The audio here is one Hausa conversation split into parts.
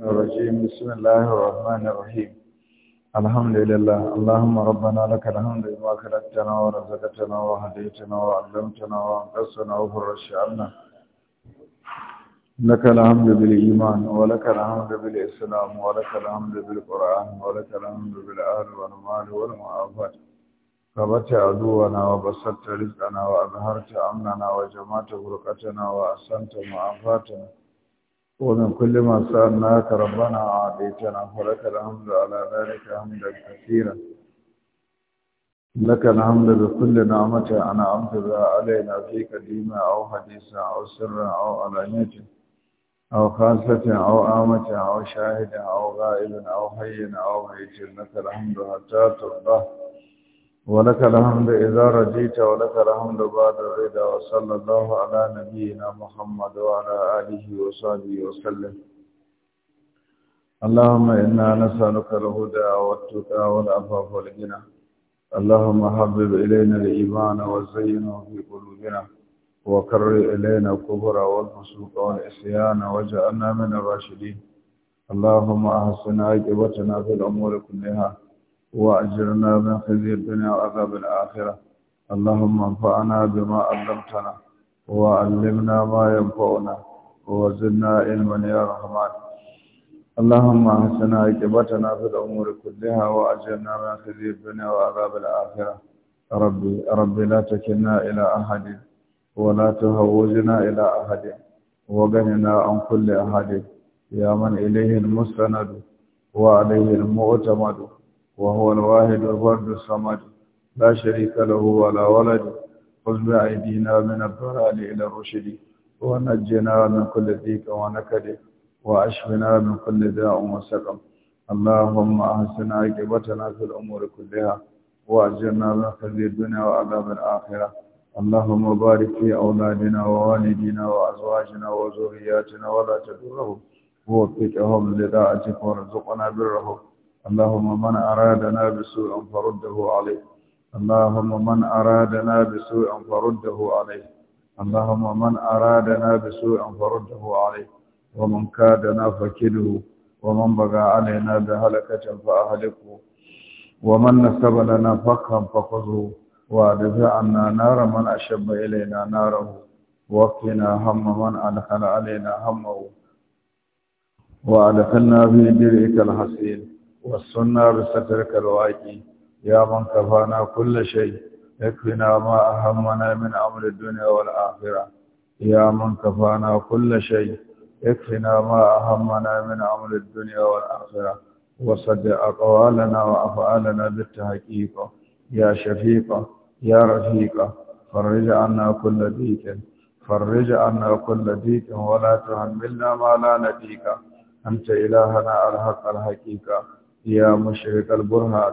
الشيطان الرجيم بسم الله الرحمن الرحيم الحمد لله اللهم ربنا لك الحمد بما خلقتنا ورزقتنا وهديتنا وعلمتنا وانقصنا وفرجت عنا لك الحمد بالإيمان ولك الحمد بالإسلام ولك الحمد بالقرآن ولك الحمد بالأهل والمال والمعافات كبت عدونا وبسطت رزقنا وأظهرت أمننا وجمعت بركتنا وأحسنت معافاتنا ومن كل ما سألناك ربنا عاديتنا ولك الحمد على ذلك حمدا كثيرا لك الحمد بكل نعمة أنا أمتبع علينا في قديمة أو حديثة أو سر أو علانية أو خاصة أو آمة أو شاهد أو غائب أو حي أو ميت لك الحمد حتى ترضى ولك الحمد إذا رجيت ولك الحمد بعد الرضا وصلى الله على نبينا محمد وعلى آله وصحبه وسلم اللهم إنا نسألك الهدى والتقى والعفاف والغنى اللهم حبب إلينا الإيمان وزينه في قلوبنا وكرر إلينا الكفر والفسوق والعصيان واجعلنا من الراشدين اللهم أحسن عاقبتنا في الأمور كلها وأجرنا من خزي الدنيا وعذاب الآخرة اللهم انفعنا بما علمتنا وعلمنا ما ينفعنا وزدنا علما يا رحمن اللهم احسن عاقبتنا في الأمور كلها وأجرنا من خزي الدنيا وعذاب الآخرة ربي ربي لا تكلنا إلى أحد ولا تهوجنا إلى أحد وغننا عن كل أحد يا من إليه المستند وعليه المعتمد وهو الواحد الفرد الصمد لا شريك له ولا ولد خذ بأيدينا من الضلال إلى الرشد ونجنا من كل ذيك ونكد وأشفنا من كل داء وسقم اللهم أحسن عاقبتنا في الأمور كلها وأجرنا من خزي الدنيا وعذاب الآخرة اللهم بارك في أولادنا ووالدينا وأزواجنا وذرياتنا ولا تدرهم ووفقهم لداعتك وارزقنا برهم اللهم من أرادنا بسوء فرده عليه اللهم من أرادنا بسوء فرده عليه اللهم من أرادنا بسوء فرده عليه ومن كادنا فكده ومن بغى علينا بهلكة فأهلكه ومن نسب لنا فقها فخذه وادفع عنا نار من أشب إلينا ناره وقنا هم من أدخل علينا همه وأدخلنا في درئك الحسين والسنة بسترك الواقي يا من كفانا كل شيء يكفنا ما أهمنا من أمر الدنيا والآخرة يا من كفانا كل شيء يكفنا ما أهمنا من أمر الدنيا والآخرة وصدق أقوالنا وأفعالنا بالتحقيق يا شفيق يا رفيق فرج عنا كل ديك فرج عنا كل ديك ولا تحملنا ما لا نديك أنت إلهنا الحق الحقيقة يا مشرق البرهان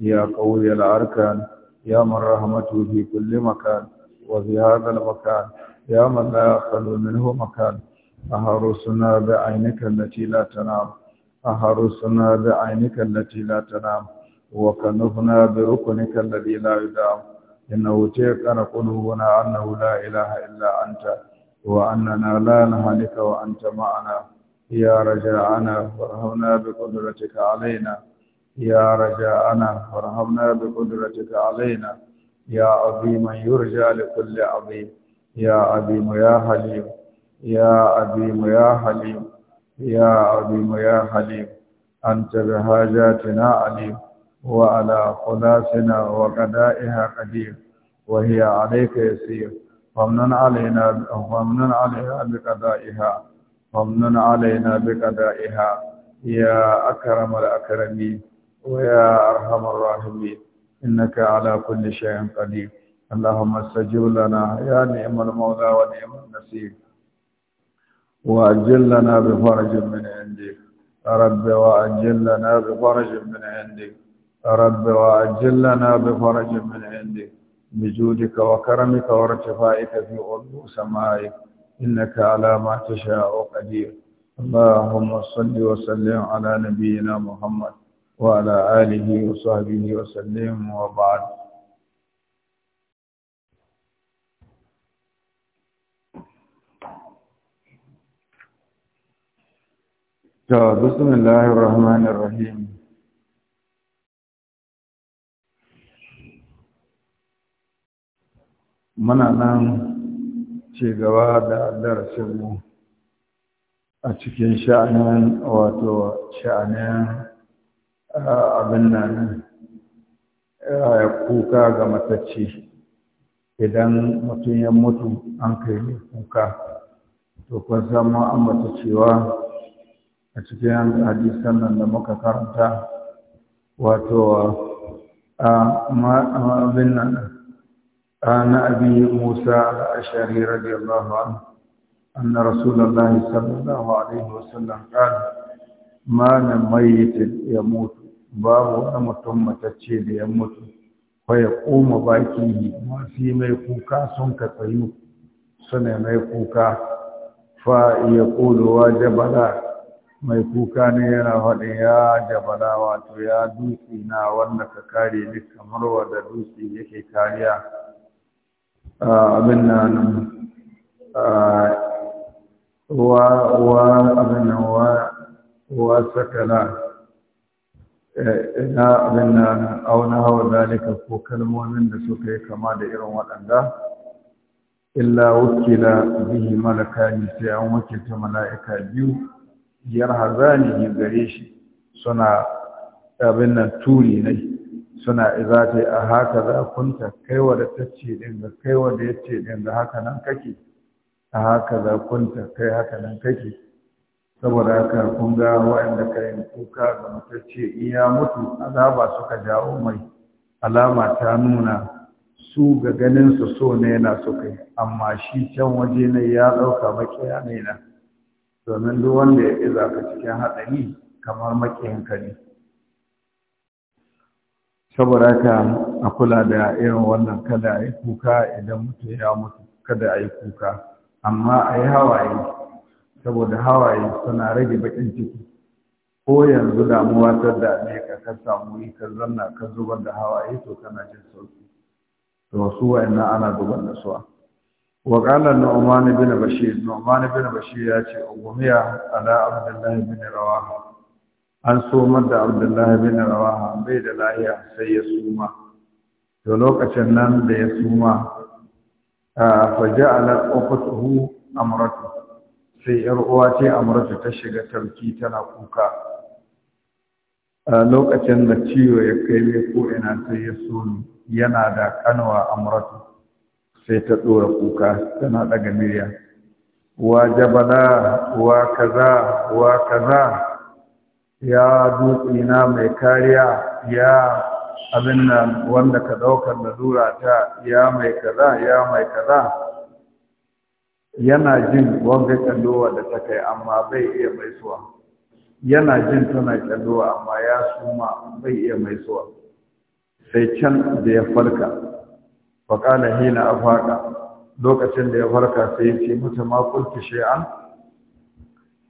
يا قوي الأركان يا من رحمته في كل مكان وفي هذا المكان يا من لا يخلو منه مكان أهرسنا بعينك التي لا تنام أهرسنا بعينك التي لا تنام وكنفنا بركنك الذي لا يدام إنه تيقن قلوبنا أنه لا إله إلا أنت وأننا لا نهلك وأنت معنا يا رجعنا فرحمنا بقدرتك علينا يا رجعنا فرحمنا بقدرتك علينا يا عظيم يرجى لكل عظيم يا عظيم يا حليم يا عظيم يا حليم يا عظيم يا حليم أنت بحاجاتنا عليم وعلى خلاصنا وقدائها قدير وهي عليك يسير فمن علينا فمن علينا بقدائها فمن علينا بقضائها يا أكرم الأكرمين ويا أرحم الراحمين إنك على كل شيء قدير اللهم استجب لنا يا نعم المولى ونعم النصير وأجل لنا بفرج من عندك رب وأجل لنا بفرج من عندك رب وأجل لنا بفرج من عندك بجودك وكرمك وارتفاعك في علو سمائك إنك على ما تشاء قدير اللهم صل وسلم على نبينا محمد وعلى آله وصحبه وسلم وبعد بسم الله الرحمن الرحيم من nan نعم. ci gaba da darasinmu a cikin sha'anin wato sha'anin abin nan kuka ga matacce idan mutum ya mutu an kai mai kuka to kun zama an mata cewa a cikin hadisan nan da muka karanta wato a abin nan عن أبي موسى الأشعري رضي الله عنه أن رسول الله صلى الله عليه وسلم قال ما من ميت يموت باب أمتم تتشيد يموت فيقوم باكيه ما في ميقوكا سنك طيوب سنة ميقوكا فيقول واجبلا mai kuka ne yana faɗin ya jabala wato ya dutse na wanda ka kare Ah, abin nan ah, wa wa abin nan wa wa sakala eh, ina abin nan auna hawa zalika ko kalmomin da suka yi kama da irin waɗanda illa wakila bihi ni sai an wakilta mala'ika biyu hazani gare shi suna abin nan turi ne suna yi a haka za kunta kaiwa da ta ce ɗin ga kaiwa da ya ce ɗin ga haka nan kake a haka za kunta kai haka nan kake saboda haka kun ga waɗanda ka yi kuka ga matacce in ya mutu azaba suka jawo mai alama ta nuna su ga ganinsu su so ne yana so kai amma shi can waje ne ya ɗauka makiya ne na domin duk wanda ya iza ka cikin haɗari kamar ka ne saboda ka a kula da irin wannan kada a yi kuka idan mutum ya mutu kada a yi kuka amma a yi hawaye saboda hawaye suna rage bakin ciki ko yanzu damuwa ta ne ka ka samu yi ka zanna ka zubar da hawaye to kana jin sauki to su wa'annan ana zubar da su وقال na بن بشير النعمان بن بشير ياتي أغمية على عبد الله bin rawa. an somar da abdullahi bin rawaha bai da lahiya sai ya suma to lokacin nan da ya suma a alar ja'ala a amratu sai yar uwa ce amratu ta shiga tarki tana kuka a lokacin da ciwo ya kai mai ko'ina ina sai ya sumi yana da kanwa Amuratu, sai ta ɗora kuka tana daga miliya wa jabala wa kaza wa kaza ya dutsina mai kariya ya abin nan wanda ka ɗaukar zura ta ya mai kaza ya mai kaza yana jin wanga kyallowa da ta kai amma bai iya mai suwa yana jin tana kyallowa amma ya suma bai iya mai suwa sai can da ya farka faƙala hina a faƙa lokacin da ya farka sai ya ce mata makulki shi'an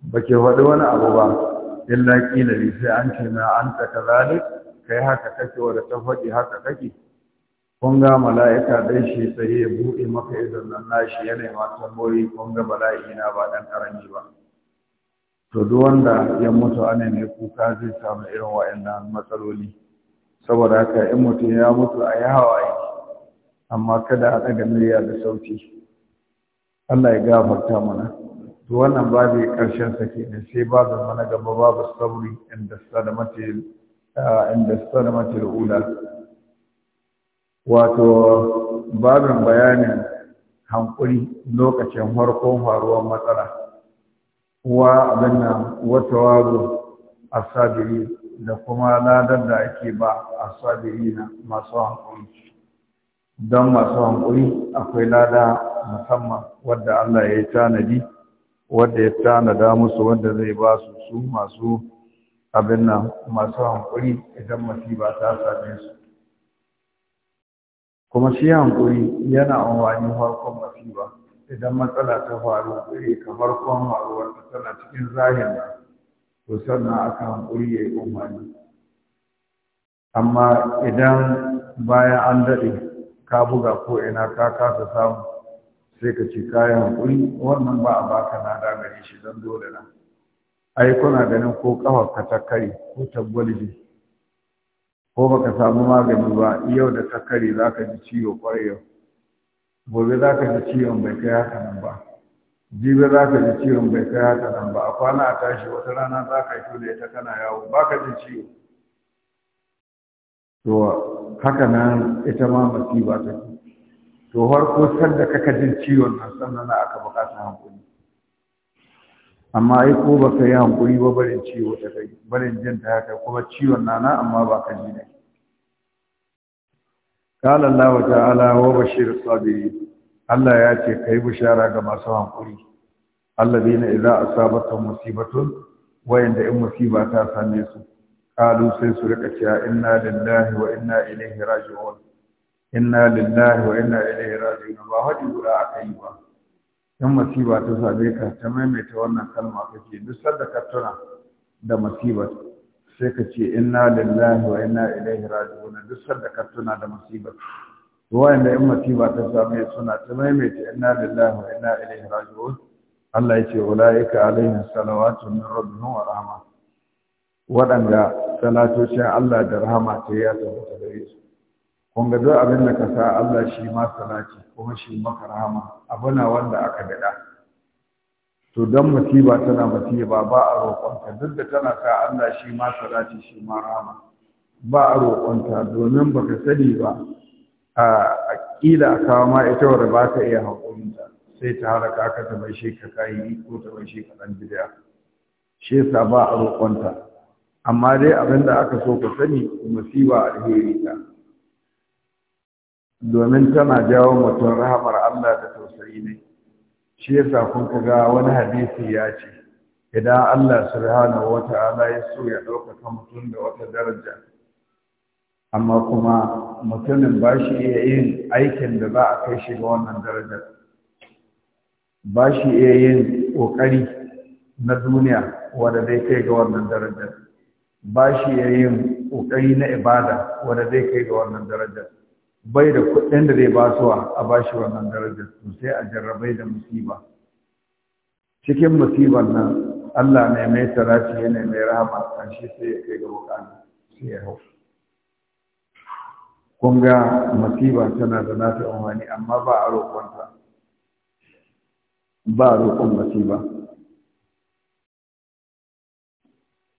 ba ke faɗi wani abu ba illa ƙila ne sai an ce na an ta kazalik kai haka kake wadda ta faɗi haka kake kun ga mala'ika ɗai shi tsaye ya buɗe maka idan nan nashi yana masu tamboyi kun ga bala'i na ba ɗan karami ba to duk wanda ya mutu ana ne kuka zai samu irin wa'annan matsaloli saboda haka in mutum ya mutu a yi hawaye amma kada a ɗaga murya da sauti Allah ya gafarta mana to wannan babu ƙarshen sa ne, sai zama na gaba babu sabri inda da eh, inda sadamatil ula wato babin bayanin hankuri lokacin harkon faruwar matsala wa abin nan wata wazo sabiri da kuma ladar da ake ba a sabiri na masu hankuri don masu hankuri akwai lada musamman wadda Allah ya yi tanadi wanda ya tanada musu wanda zai ba su su masu abin nan masu hankuri idan masiba ta same su kuma shi hankuri yana amfani farkon masiba idan matsala ta faru iri ka farkon faruwar ta tana cikin zahiri to sannan aka hankuri ya yi umarni amma idan bayan an daɗe ka buga ko ina ka kasa samu sai ka ce kayan hakuri wannan ba a baka nada gare shi don dole na ai kuna ganin ko kawar ka ta kare ko tabbali ko baka samu magani ba yau da ta kare za ka ji ciwo kwarai gobe za ka ji ciwon bai kai haka nan ba jibe za ka ji ciwon bai kai haka nan ba a kwana a tashi wata rana za ka yi da ita kana yawo ba ka ji ciwo to haka nan ita ma ta take to harko sanda kaka jin ciwon nan sannan na aka bukata hankuli amma ai ko ba ka yi hankuli ba barin ciwo ta kai barin jin ta haka kuma ciwon na na amma ba ka ji ne قال الله تعالى وبشر الصابرين Allah ya ce ka yi bishara ga masu hankuri allazi na idza asabatuhum musibatun wayanda in musiba ta same su kalu sai su rika cewa inna lillahi wa inna ilaihi raji'un inna lillahi wa inna ilaihi raji'un ba hadi guda akai ba dan masiba ta same ka ta maimaita wannan kalma kace duk sanda ka tuna da masiba sai ka ce inna lillahi wa inna ilaihi raji'un duk sanda ka tuna da masiba to wanda in masiba ta same suna ta maimaita inna lillahi wa inna ilaihi raji'un Allah ya ce ulaika alaihim salawatun min rabbihim wa rahma waɗanda salatocin Allah da rahama ta yi ya gare su kun ga duk abin da ka sa Allah shi ma salati kuma shi maka rahama abu na wanda aka daɗa to don musiba tana musiba ba a roƙonta duk da tana sa Allah shi ma salati shi ma rahama ba a roƙonta domin baka sani ba a ƙila kawo ma ita wadda ba ta iya haƙurinta sai ta haraka ka ta bai shi ka kayi ko ta bai shi ka ɗan bidiya shi yasa ba a roƙonta amma dai abin da aka so ka sani musiba alheri ta domin tana jawo mutum rahamar Allah da tausayi ne shi yasa kun ga wani hadisi ya ce idan Allah subhanahu wata'ala ya so ya ɗaukaka mutum da wata daraja amma kuma mutumin ba shi iya yin aikin da za a kai shi ga wannan darajar ba shi iya yin ƙoƙari na duniya wanda zai kai ga wannan darajar ba shi iya yin ƙoƙari na ibada wanda zai kai ga wannan darajar bai da kuɗin da zai basuwa a bashi wannan darajar sosai a jarrabai da musiba cikin musiban nan Allah ne mai sarati ne mai rahama kan shi sai ya kai ga bukatu sai ya hau kun ga masiba tana da nata umarni amma ba a roƙonta ba a roƙon masiba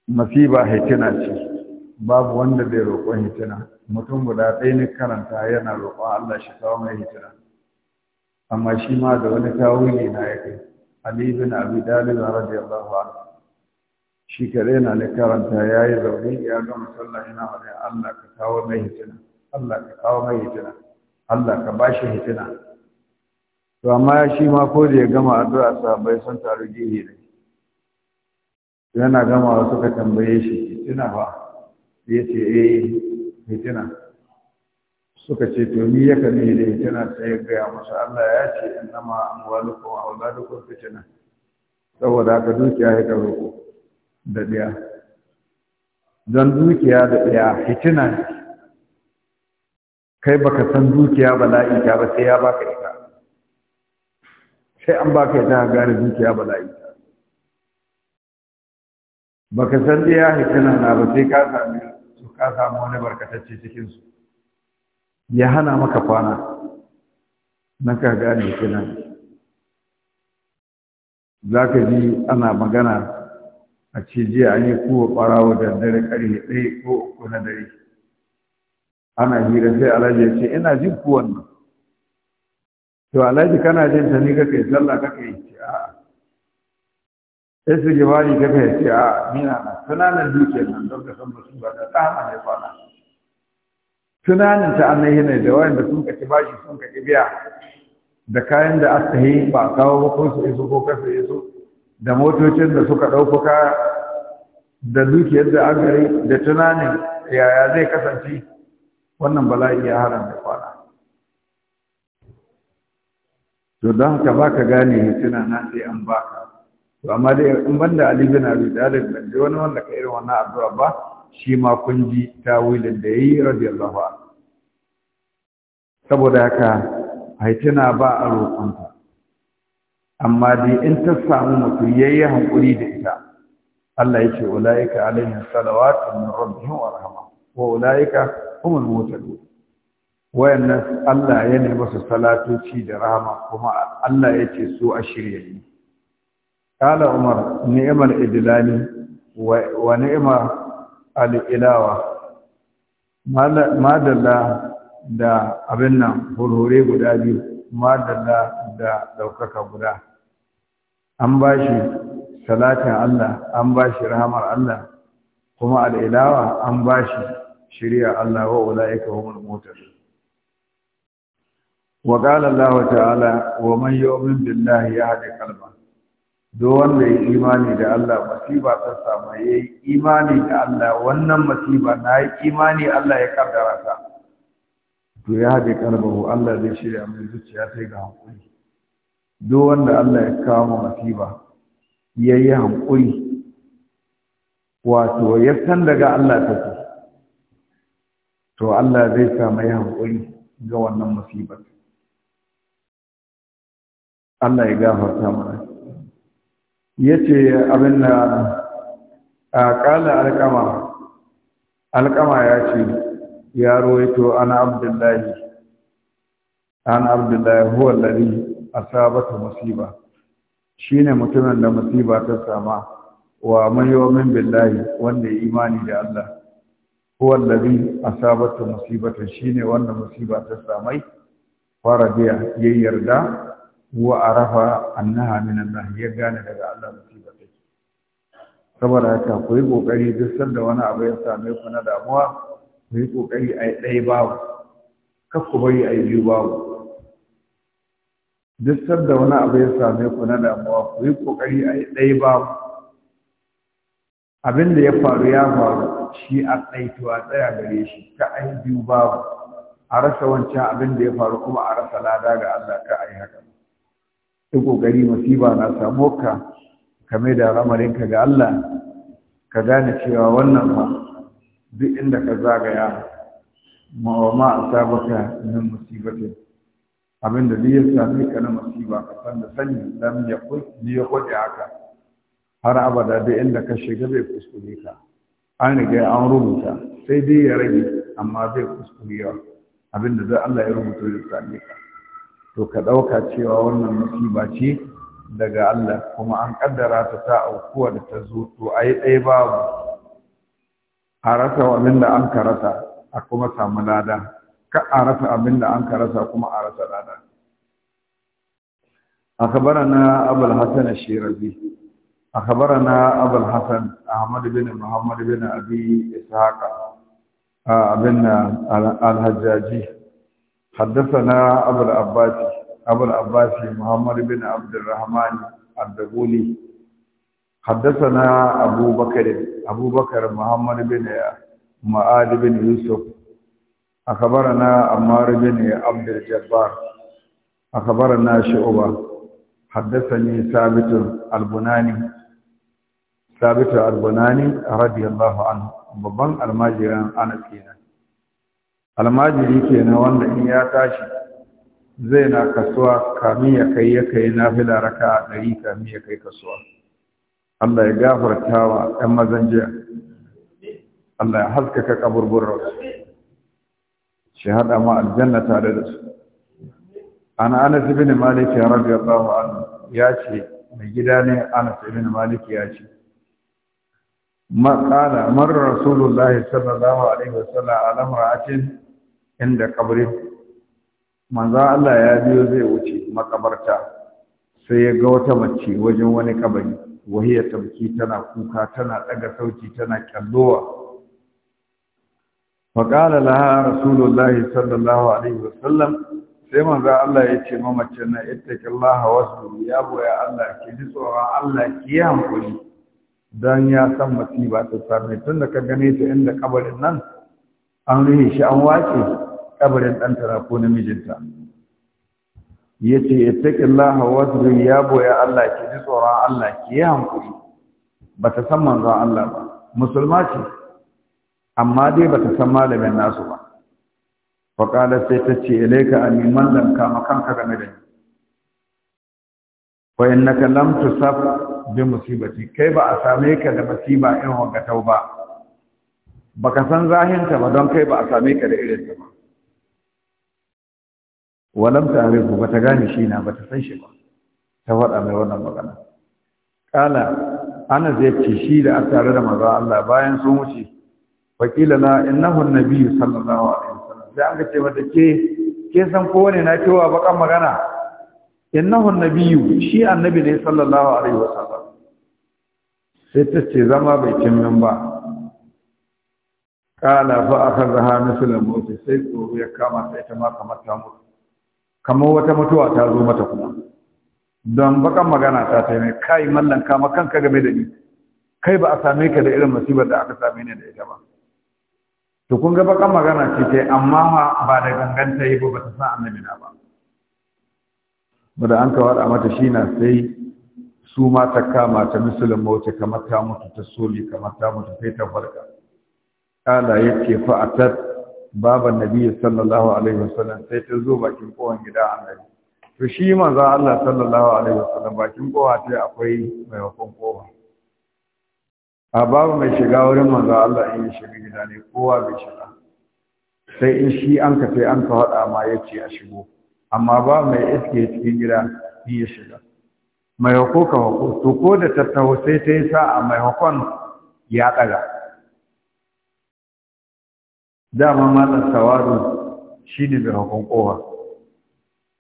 masiba haitina ce babu wanda bai roƙon hitina mutum guda ɗaya ne karanta yana roƙon Allah shi kawo mai hitina amma shi ma da wani tawili na ya kai Ali bin Abi Talib radiyallahu anhu shi kare na ne karanta yayi zaune ya ga musalla yana wani Allah ka kawo mai hitina Allah ka kawo mai hitina Allah ka bashi hitina to amma shi ma ko da ya gama addu'a sa bai san taru gihi ne yana gama suka tambaye shi ina ba. ya ce eh hitina suka ce to ni ya kame da hitina sai ya gaya masu Allah ya ce innama a wa auladukum fitina saboda aka dukiya ya karo da ɗaya don dukiya da ɗaya hitina kai baka san dukiya ba ta ba sai ya baka ita sai an baka ita gane dukiya bala'i ba baka san ɗaya hitina na ba sai ka sami ka samu wani barkatacce cikinsu ya hana maka kwana na ka gane kina za ka ji ana magana a ce jiya an yi kowa ɓarawa da dare ƙarfe ɗaya ko uku na dare ana hira sai alhaji ya ce ina jin kuwan nan to alhaji kana jin ta ni kake sallah kake yi a'a sai su gibari ta fahimci ce a nina na tunanin dukiyar nan don ka san musu ba da tsama mai kwana tunanin ta annahi ne da wayanda sun kaci bashi sun kaci biya da kayan da aka yi ba kawo ko su iso ko kasa iso da motocin da suka ɗauko kaya da dukiyar da an gari da tunanin yaya zai kasance wannan bala'i ya haram da kwana to don ka baka gane tuna na sai an baka to amma dai in banda Ali bin Abi Talib ban ji wani wanda ka irin wannan addu'a ba shi ma kun ji tawilin da yayi radiyallahu anhu saboda haka haitina ba a roƙonta amma dai in ta samu mutum yayi hankuri da ita Allah yake ulaika alaihim salawatu min rabbihim wa rahma wa ulaika humul muhtadun wayannan Allah ya nemi su salatoci da rahama kuma Allah yake so a shirye kala umar ni'mal idlani wa ni'ma al-ilawa madalla da abin nan hurhure guda biyu madalla da ɗaukaka guda an ba shi salatin Allah an ba shi rahamar Allah kuma al'ilawa an ba shi shirya Allah wa ula'ika wa mulmutar wa ƙala Allah ta'ala wa man yomin billahi ya haɗe kalba duk wanda ya imani da Allah masiba ta samu ya imani da Allah wannan masiba na yi imani Allah ya kaddara ta to ya haɗe karbahu Allah zai shirya mai zuciya sai ga hankuri duk wanda Allah ya kama masiba ya yi hankuri wato ya san daga Allah ta ce to Allah zai sa mai hankuri ga wannan masibar Allah ya gafarta mana Ya ce abin na a alqama alƙama alƙama ya roito ana abdullahi ana abdullahi huwa a sabata musiba shine mutumin da musiba ta sama wa mayomin billahi wanda ya imani da Allah huwa sabata musibata shi shine wanda musiba ta samai faradiya yarda. wa arafa annaha min Allah ya gane daga Allah ba take saboda haka ku yi kokari duk sanda wani abu ya same ku na damuwa ku yi kokari a yi ɗaya babu kar ku bari a yi biyu babu duk sanda wani abu ya same ku na damuwa ku yi kokari a yi ɗaya babu abin da ya faru ya faru shi a tsaituwa tsaya gare shi ka a yi biyu babu a rasa wancan abin da ya faru kuma a rasa lada ga Allah ka a yi haka yi ƙoƙari masiba na samu ka kame da ramarinka ga Allah ka gane cewa wannan ba duk inda ka zagaya ma ma asabaka nan musibati abinda duk ya ka na masiba ka san da sani lam ya li haka. aka har abada duk inda ka shiga bai kuskure ka an riga an rubuta sai dai ya rage amma bai kuskure abinda zai Allah ya rubuta ya sami ka to ka ɗauka cewa wannan musiba ce daga Allah kuma an ƙaddara ta ta aukuwa da ta zo to a yi ɗaya babu a rasa abin da an ka rasa, a kuma samu lada ka a rasa abin da an ka rasa kuma a rasa lada kabara na abul الشيرازي أخبرنا أبو bin أحمد بن محمد بن أبي abin بن الهجاجي حدثنا أبو العباس أبو العباس محمد بن عبد الرحمن الدغولي حدثنا أبو بكر أبو بكر محمد بن معاذ بن يوسف أخبرنا عمار بن عبد الجبار أخبرنا شعبة حدثني ثابت البناني ثابت البناني رضي الله عنه babban almajiran anas kenan almajiri kenan wanda in ya tashi zai na kasuwa kamin ya kai ya kai nafila raka a ɗari kamin ya kai kasuwa Allah ya gafarta wa ‘yan mazan jiya Allah ya haskaka kaburburar shi haɗa ma aljanna tare da su Ana anas ibn malik ya ya tsawo anhu ya ce mai gida ne anas ibn malik ya ce ma qala marra rasulullahi sallallahu alaihi wasallam ala mar'atin inda kabri manzo Allah ya biyo zai wuce makabarta sai ya ga wata mace wajen wani kabari wahiya tabki tana kuka tana daga sauti tana kyallowa faƙala laha rasulullahi sallallahu alaihi wasallam sai manzo Allah ya ce ma mace na ittaqillaha wasbir ya boya Allah ki ji tsoron Allah ki yi hankuri dan ya san masiba ta same tunda ka gane ta inda kabarin nan an rihe shi an wace kabarin ɗanta ko namijinta ya ce ittaqillaha wasbir ya boye Allah ki ji tsoron Allah ki yi hankuri ta san manzon Allah ba musulma ce amma dai ba ta san malamin nasu ba fa sai ta ce ilaika anni man lam kama kanka game da ni wa innaka lam tusab bi musibati kai ba a same ka da musiba in ba. Ba baka san zahinta ba don kai ba a same ka da irin ta ba walam ba bata gane shi na bata san shi ba ta faɗa mai wannan magana kala ana zai ce shi da a tare da manzo Allah bayan sun wuce wakila na innahu an sallallahu alaihi wasallam sai an ce mata ke ke san ko ne na cewa bakan magana innahu an shi annabi ne sallallahu alaihi wasallam sai ta ce zama bai cin min ba kala fa akhadha misla mawt sai tsoro ya kama sai ta ma kamar ta mutu kamar wata mutuwa ta zo mata kuma don bakan magana ta ta mai kai mallan kama kanka game da ni kai ba a same ka da irin masibar da aka same ni da ita ba to kun ga bakan magana ce ta amma ba da ganganta yi ba ba ta san annabi na ba bada an kawar a mata shi na sai su ma ta kama ta musulun mawuce kamar ta mutu ta soli kamar ta mutu sai ta farka kala yake fa'atat baban nabi sallallahu alaihi wasallam sai ta zo bakin kowan gida annabi to shi manzo Allah sallallahu alaihi wasallam bakin kowa sai akwai mai wakon kowa a babu mai shiga wurin manzo Allah in shiga gida ne kowa bai shiga sai in shi an ka sai an ka hada ma yace a shigo amma ba mai iske cikin gida in ya shiga mai hako ka hako to ko da tattaho sai ta yi sa'a mai hakon ya daga dama malam sawadu ne mai hakon kowa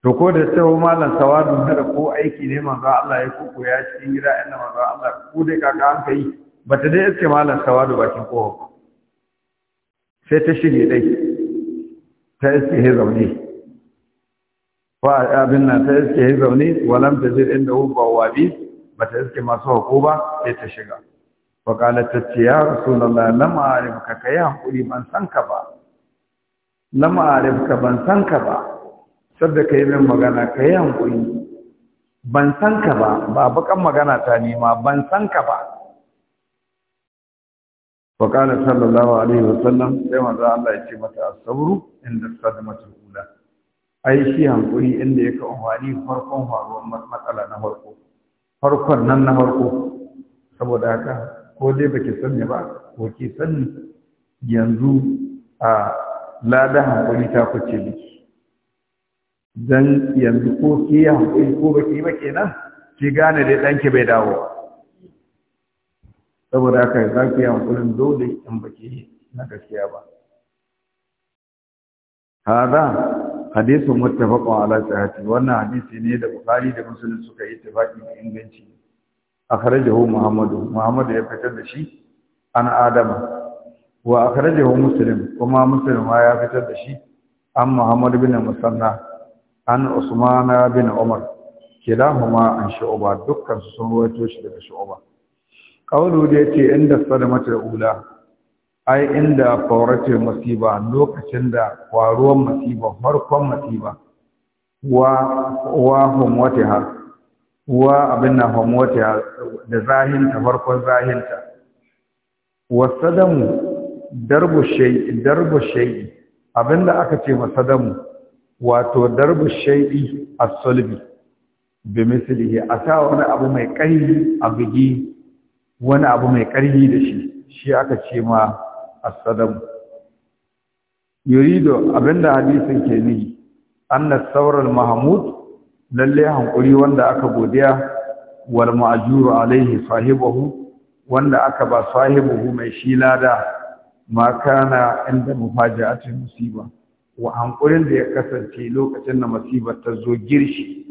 to ko da cewa malam sawadu kada ko aiki ne manzo Allah ya kuku ya cikin gida inda manzo Allah ku dai kaka an kai bata dai iske malam sawadu bakin kowa sai ta shige dai ta iske he zaune fa abin nan ta iske he zaune walam tajid inda hu bawabi bata iske masu hako ba sai ta shiga faƙala ta ce ya rasulallah na arifka ka yi haƙuri ban san ka ba lama arifka ban san ka ba sadda ka yi min magana ka yi haƙuri ban san ka ba ba bakan magana ta nema ban san ka ba faƙala sallallahu alaihi wasallam sai manzo Allah ya ce mata sauru inda mata kula ai shi hankuri inda kawo hali farkon faruwar matsala na farko farkon nan na farko saboda haka ko dai ke sani ba ko ke sani yanzu a lada hankali ta kuce miki dan yanzu ko ki hankali ko baki ba kenan ki gane dai danki bai dawo saboda haka za ki hankulin dole in baki na gaskiya ba hada hadisin muttafaqun ala sahihati wannan hadisi ne da bukhari da muslim suka yi tafaki da inganci akhrajahu muhammadu muhammadu ya fitar da shi an adama wa akhrajahu muslim kuma muslim ma ya fitar da shi an muhammad bin musanna an usmana bin umar kilahuma an shu'ba dukkan su sun rawaito shi daga shu'ba qawlu da yace inda sadamatul ula ai inda fawratul masiba lokacin da kwaruwan masiba farkon masiba wa wa hum wataha wa abin na famota da zahinta farkon zahinta wasadamu darbu shay'i darbu abinda aka ce masadamu wato darbu a as-sulbi bi A sa wani abu mai ƙarfi a bugi wani abu mai ƙarfi da shi shi aka ce ma as-sadamu yurido abinda hadisin ke ni anna Sauran mahmud lalle hankuri wanda aka godiya wal ma'juru alaihi sahibahu wanda aka ba sahibahu mai shi lada ma kana inda mufaja'atin musiba wa hankurin da ya kasance lokacin da musibar ta zo girshi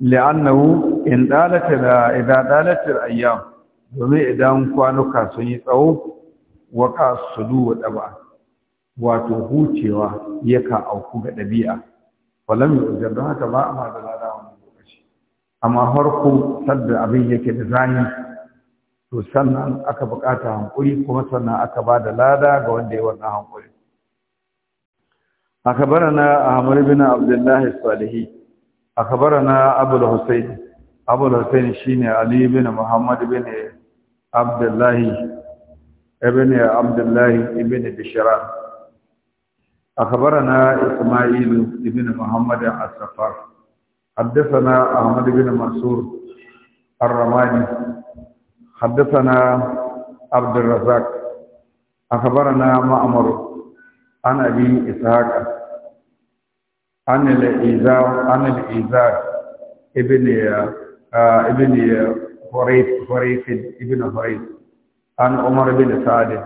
li'annahu in dalata da idza dalata ayyam domin idan kwanuka sun yi tsawo wa qasudu wa daba wato hucewa yaka auku ga dabi'a walam yujar don haka ba a ma da lada wani lokaci amma harko sadda abin yake da zani to sannan aka bukata hankuri kuma sannan aka ba da lada ga wanda ya wannan hankuri أخبرنا عمر بن عبد الله الصالحي أخبرنا أبو الحسين أبو الحسين شيني علي بن محمد بن عبد الله ابن عبد الله ابن بشران أخبرنا إسماعيل بن محمد السفر حدثنا أحمد بن منصور الرماني حدثنا عبد الرزاق أخبرنا مأمر عن أبي إسحاق عن الإيزاء عن الإيزاء ابن آه، ابن فريد فريد ابن فريد عن عمر بن سعد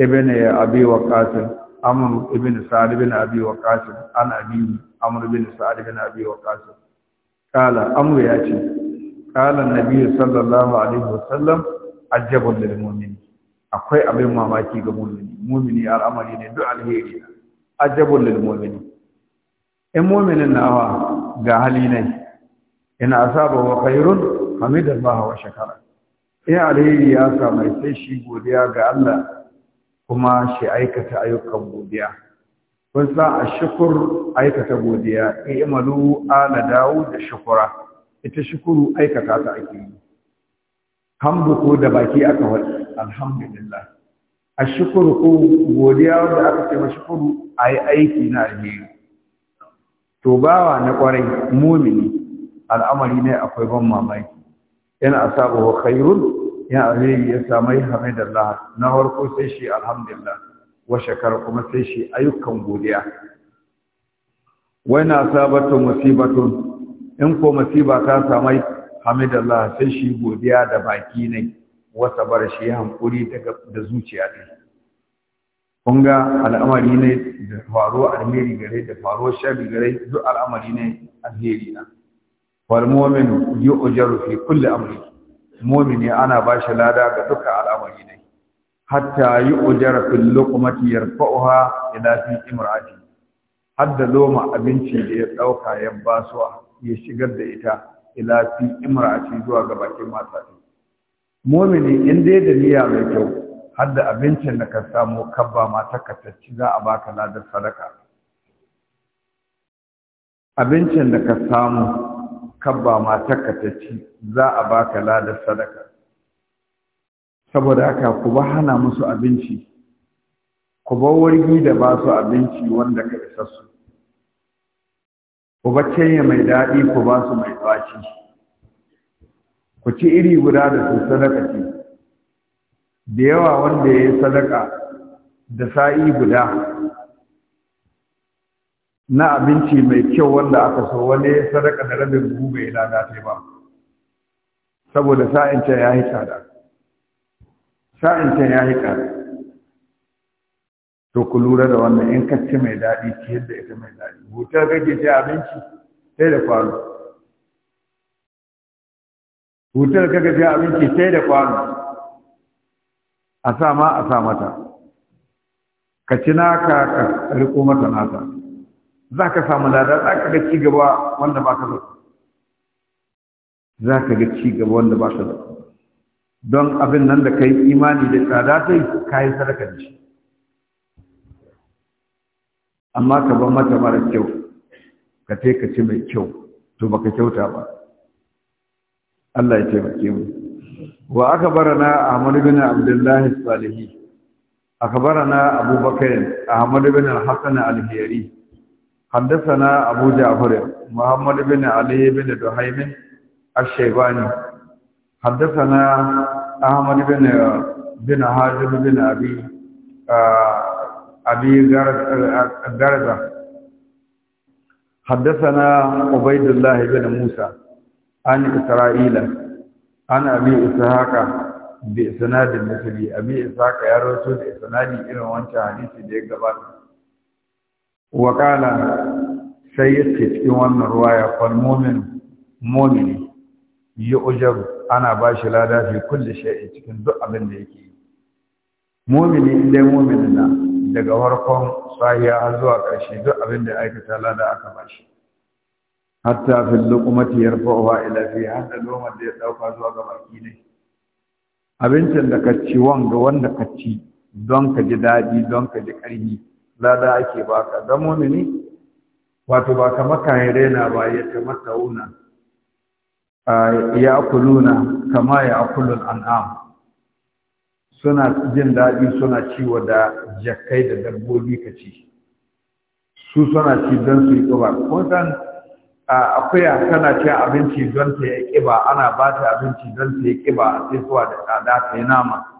ابن أبي وقاص amr ibn sa'd ibn abi waqas an abi amr ibn sa'd ibn abi waqas kala amr ya ce kala annabi sallallahu alaihi wasallam ajabun lil mu'min akwai abin mamaki ga mu'mini mu'mini al'amari ne duk alheri ajabun lil mu'mini in mu'minin nawa ga hali ne in asaba wa khairun hamidallahi wa shakara in alheri ya samu sai shi godiya ga Allah kuma shi aikata ayyukan godiya kun san a shukur aikata godiya i'malu ala dawo da shukura ita shukuru aikata ta ake yi hamdu ko da baki aka wadi alhamdulillah a shukuru ko godiya wanda aka ce ma shukuru a yi aiki na alheri to bawa na kwarai mumini al'amari ne akwai ban mamaki yana wa khairun ya alayhi ya samai hamidallah na harko sai shi alhamdulillah wa shakara kuma sai shi ayyukan godiya wai na sabatun musibatun in ko musiba ta samai hamidallah sai shi godiya da baki ne wasa bar shi hankuri da zuciya ne kun ga al'amari ne da faro alheri gare da faro shari gare duk al'amari ne alheri na wal mu'minu yu'jaru fi kulli amri mumini ana ba shi lada ga duka al'amari ne hatta yi ujar fil luqmati yarfa'uha ila fi imrati hadda loma abinci da ya dauka ya basuwa ya shigar da ita ila fi imrati zuwa ga bakin mata mumini in dai da niyya mai kyau hadda abincin da ka samu kabba mata ka tacci za a baka ladar sadaka abincin da ka samu kabba matarka ta ci za a baka ladar sadaka saboda haka ku ba hana musu abinci ku ba wargi da ba su abinci wanda ka isa su ku bacce mai daɗi ku ba su mai tsaci ku ci iri guda da su sadaka ce da yawa wanda ya yi sadaka da sa'i guda na abinci mai kyau wanda aka so wani sadaka da rabin buhu bai lada ba saboda sa'in can ya yi tsada sa'in can ya yi tsada to ku lura da wannan in ka ci mai daɗi ki yadda ita mai daɗi hutar kake ci abinci sai da kwano hutar kake ci abinci sai da kwano a sa ma a sa mata ka ci naka ka riko mata nata za ka samu lada za ka ga cigaba wanda ba ka zato za ka ga cigaba wanda ba ka zato don abin nan da ka yi imani da tsada yi, ka yi sadaka da shi amma ka ban mata mara kyau ka ce ka ci mai kyau to baka kyauta ba Allah ya taimake mu wa aka na Ahmadu bin Abdullahi Salihi, aka bara na Abubakar Ahmadu bin Hassan Alheri. حدثنا أبو جعفر محمد بن علي بن دحيم الشيباني حدثنا أحمد بن بن حازم بن أبي أبي غرزة حدثنا عبيد الله بن موسى عن إسرائيل عن أبي إسحاق بإسناد مثلي أبي إسحاق يا رسول إسنادي إلى وانت حديثي ديك قبل wa sai ce cikin wannan ruwaya fal mu'min yi ujar ana ba shi lada fi kulle shay'in cikin duk abin da yake momini inda momini na daga warkon sahiya har zuwa ƙarshe duk abin da aikata lada aka ba shi hatta fi rufa yarfa'uha ila fi hada loma da ya dauka zuwa ga baki ne abincin da ka ci wanga wanda ka ci don ka ji daɗi don ka ji ƙarfi lada ake baka dan mumini wato ba kamar kan rena ba ya kamata una ya akuluna kama ya akulun an'am suna jin daɗi suna ci da jakai da dabbobi ka ci su suna ci don su yi ƙiba ko san akuya tana cin abinci don ta yi ƙiba ana ba ta abinci don ta yi ƙiba a kuwa da tsada ta yi nama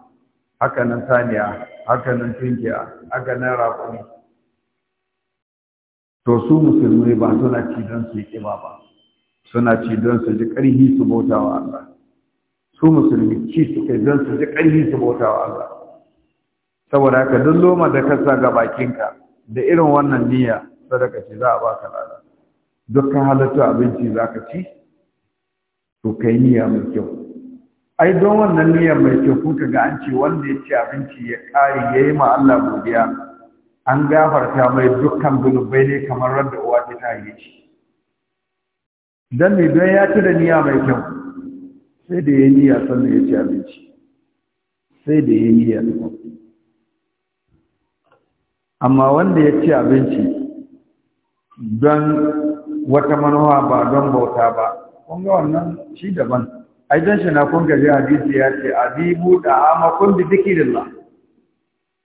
haka nan saniya haka nan tunkiya haka nan rakumi to su musulmi ba suna ci don su yi ƙiba ba suna ci don su ji ƙarfi su bauta wa Allah su musulmi ci su kai don su ji ƙarfi su bauta wa Allah saboda haka duk loma da kasa ga bakinka da irin wannan niyya sadaka ce za a baka lada dukkan halatta abinci za ka ci to kai niyya mai kyau ai don wannan niyyar mai kyau kuka ga an ce wanda ya ci abinci ya kare ya yi ma Allah godiya an gafarta mai dukkan zunubai ne kamar radda uwa ta ta yi shi dan ne don ya ci da niyya mai kyau sai da ya niyya sannan ya ci abinci sai da ya niyya amma wanda ya ci abinci don wata manuwa ba don bauta ba kun ga wannan shi daban aidan shi na kun gaje hadisi ya ce abibu da kun bi zikirillah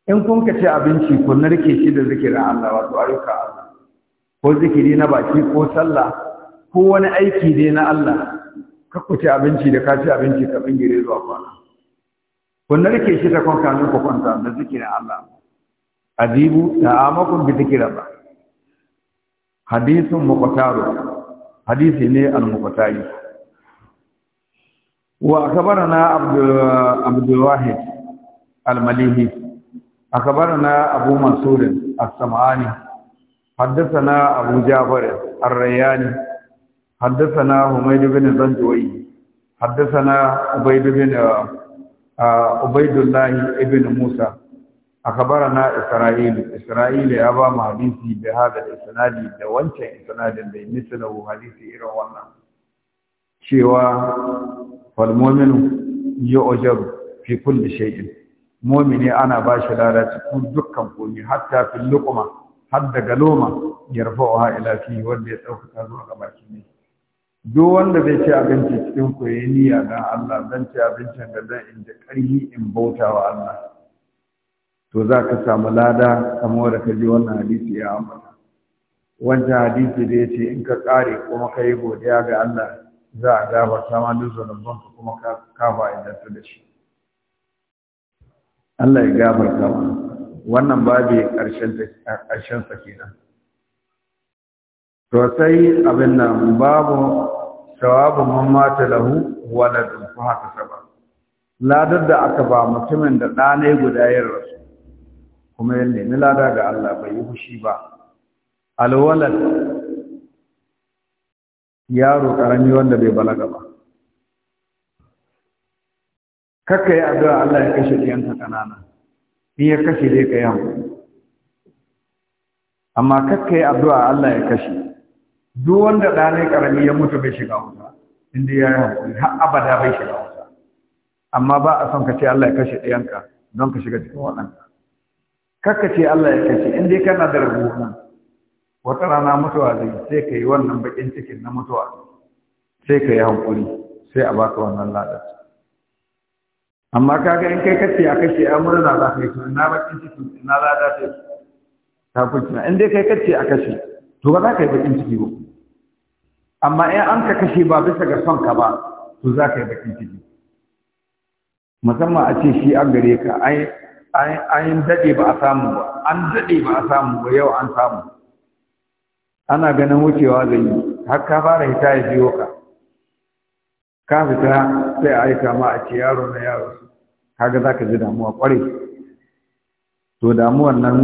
in kun ka ci abinci kun narke shi da zikirin Allah wato ayyuka Allah ko zikiri na baki ko sallah ko wani aiki ne na Allah ka ku ci abinci da ka ci abinci ka bingire zuwa kwana kun narke shi ta kwanka ne ku kwanta da zikirin Allah abibu da kun bi zikirillah hadisun muqtaru hadisi ne al muqtaru Wa a na Abdulwaheed Almalihi, a ka bara na Abumma Suleh As-Sama'ani, Haddasa na Abuja-Bariyar, Har-Rayyaa Haddasa na Ummaidu bin zan Haddasa na Ubaidu uh, uh, bin Musa, a ka bara na Isra'ilu, Isra'ilu ya ba mu hadisi da haɗa da sanadin da wancan sanadin mai nisa da mu irin wannan cewa. wal yi yu'jaru fi kulli shay'in mu'mini ana ba shi lada cikin dukkan komai hatta fil luqma har daga loma yarfa'uha ila fihi wanda ya dauka zuwa ga baki ne duk wanda zai ci abinci cikin ku niyya dan Allah zan ci abincin da zan in ƙarfi in bauta wa Allah to za ka samu lada kamar da ka ji wannan hadisi ya ambata wancan hadisi da ya ce in ka ƙare kuma ka yi godiya ga Allah za a gafarta ma duk zanubban ka kuma a fa'idanta da shi Allah ya gafarta ma wannan babu ƙarshen sa kenan to sai abin nan babu shawabin man lahu waladun fa haka saba ladar da aka ba mutumin da ɗanai guda yin rasu kuma yin nemi lada ga Allah bai yi fushi ba alwalar yaro karami wanda bai balaga ba kakka yi addu'a Allah ya kashe ɗiyanka ƙanana in ya kashe dai ka yi amma kakka yi addu'a Allah ya kashe duk wanda ɗanai ƙarami ya mutu bai shiga wuta inda ya yi har abada bai shiga wuta amma ba a son ka ce Allah ya kashe ɗiyanka don ka shiga cikin waɗanka kakka ce Allah ya kashe in dai kana da rabu wata rana mutuwa zai sai ka yi wannan bakin cikin na mutuwa sai ka yi hankuri sai a baka wannan ladar amma kaga in kai kace a kashe a murna za ka yi to na bakin cikin na lada ta ta kuce in inda kai kace a kashe to ba za ka yi bakin ciki ba amma in an ka kashe ba bisa ga son ka ba to za ka yi bakin ciki musamman a ce shi an gare ka ai an dade ba a samu ba an dade ba a samu ba yau an samu ana ganin wucewa zai yi har ka fara hita ya biyo ka ka fita sai a aika ma a ce yaro na yaro kaga za ka ji damuwa kware to damuwan nan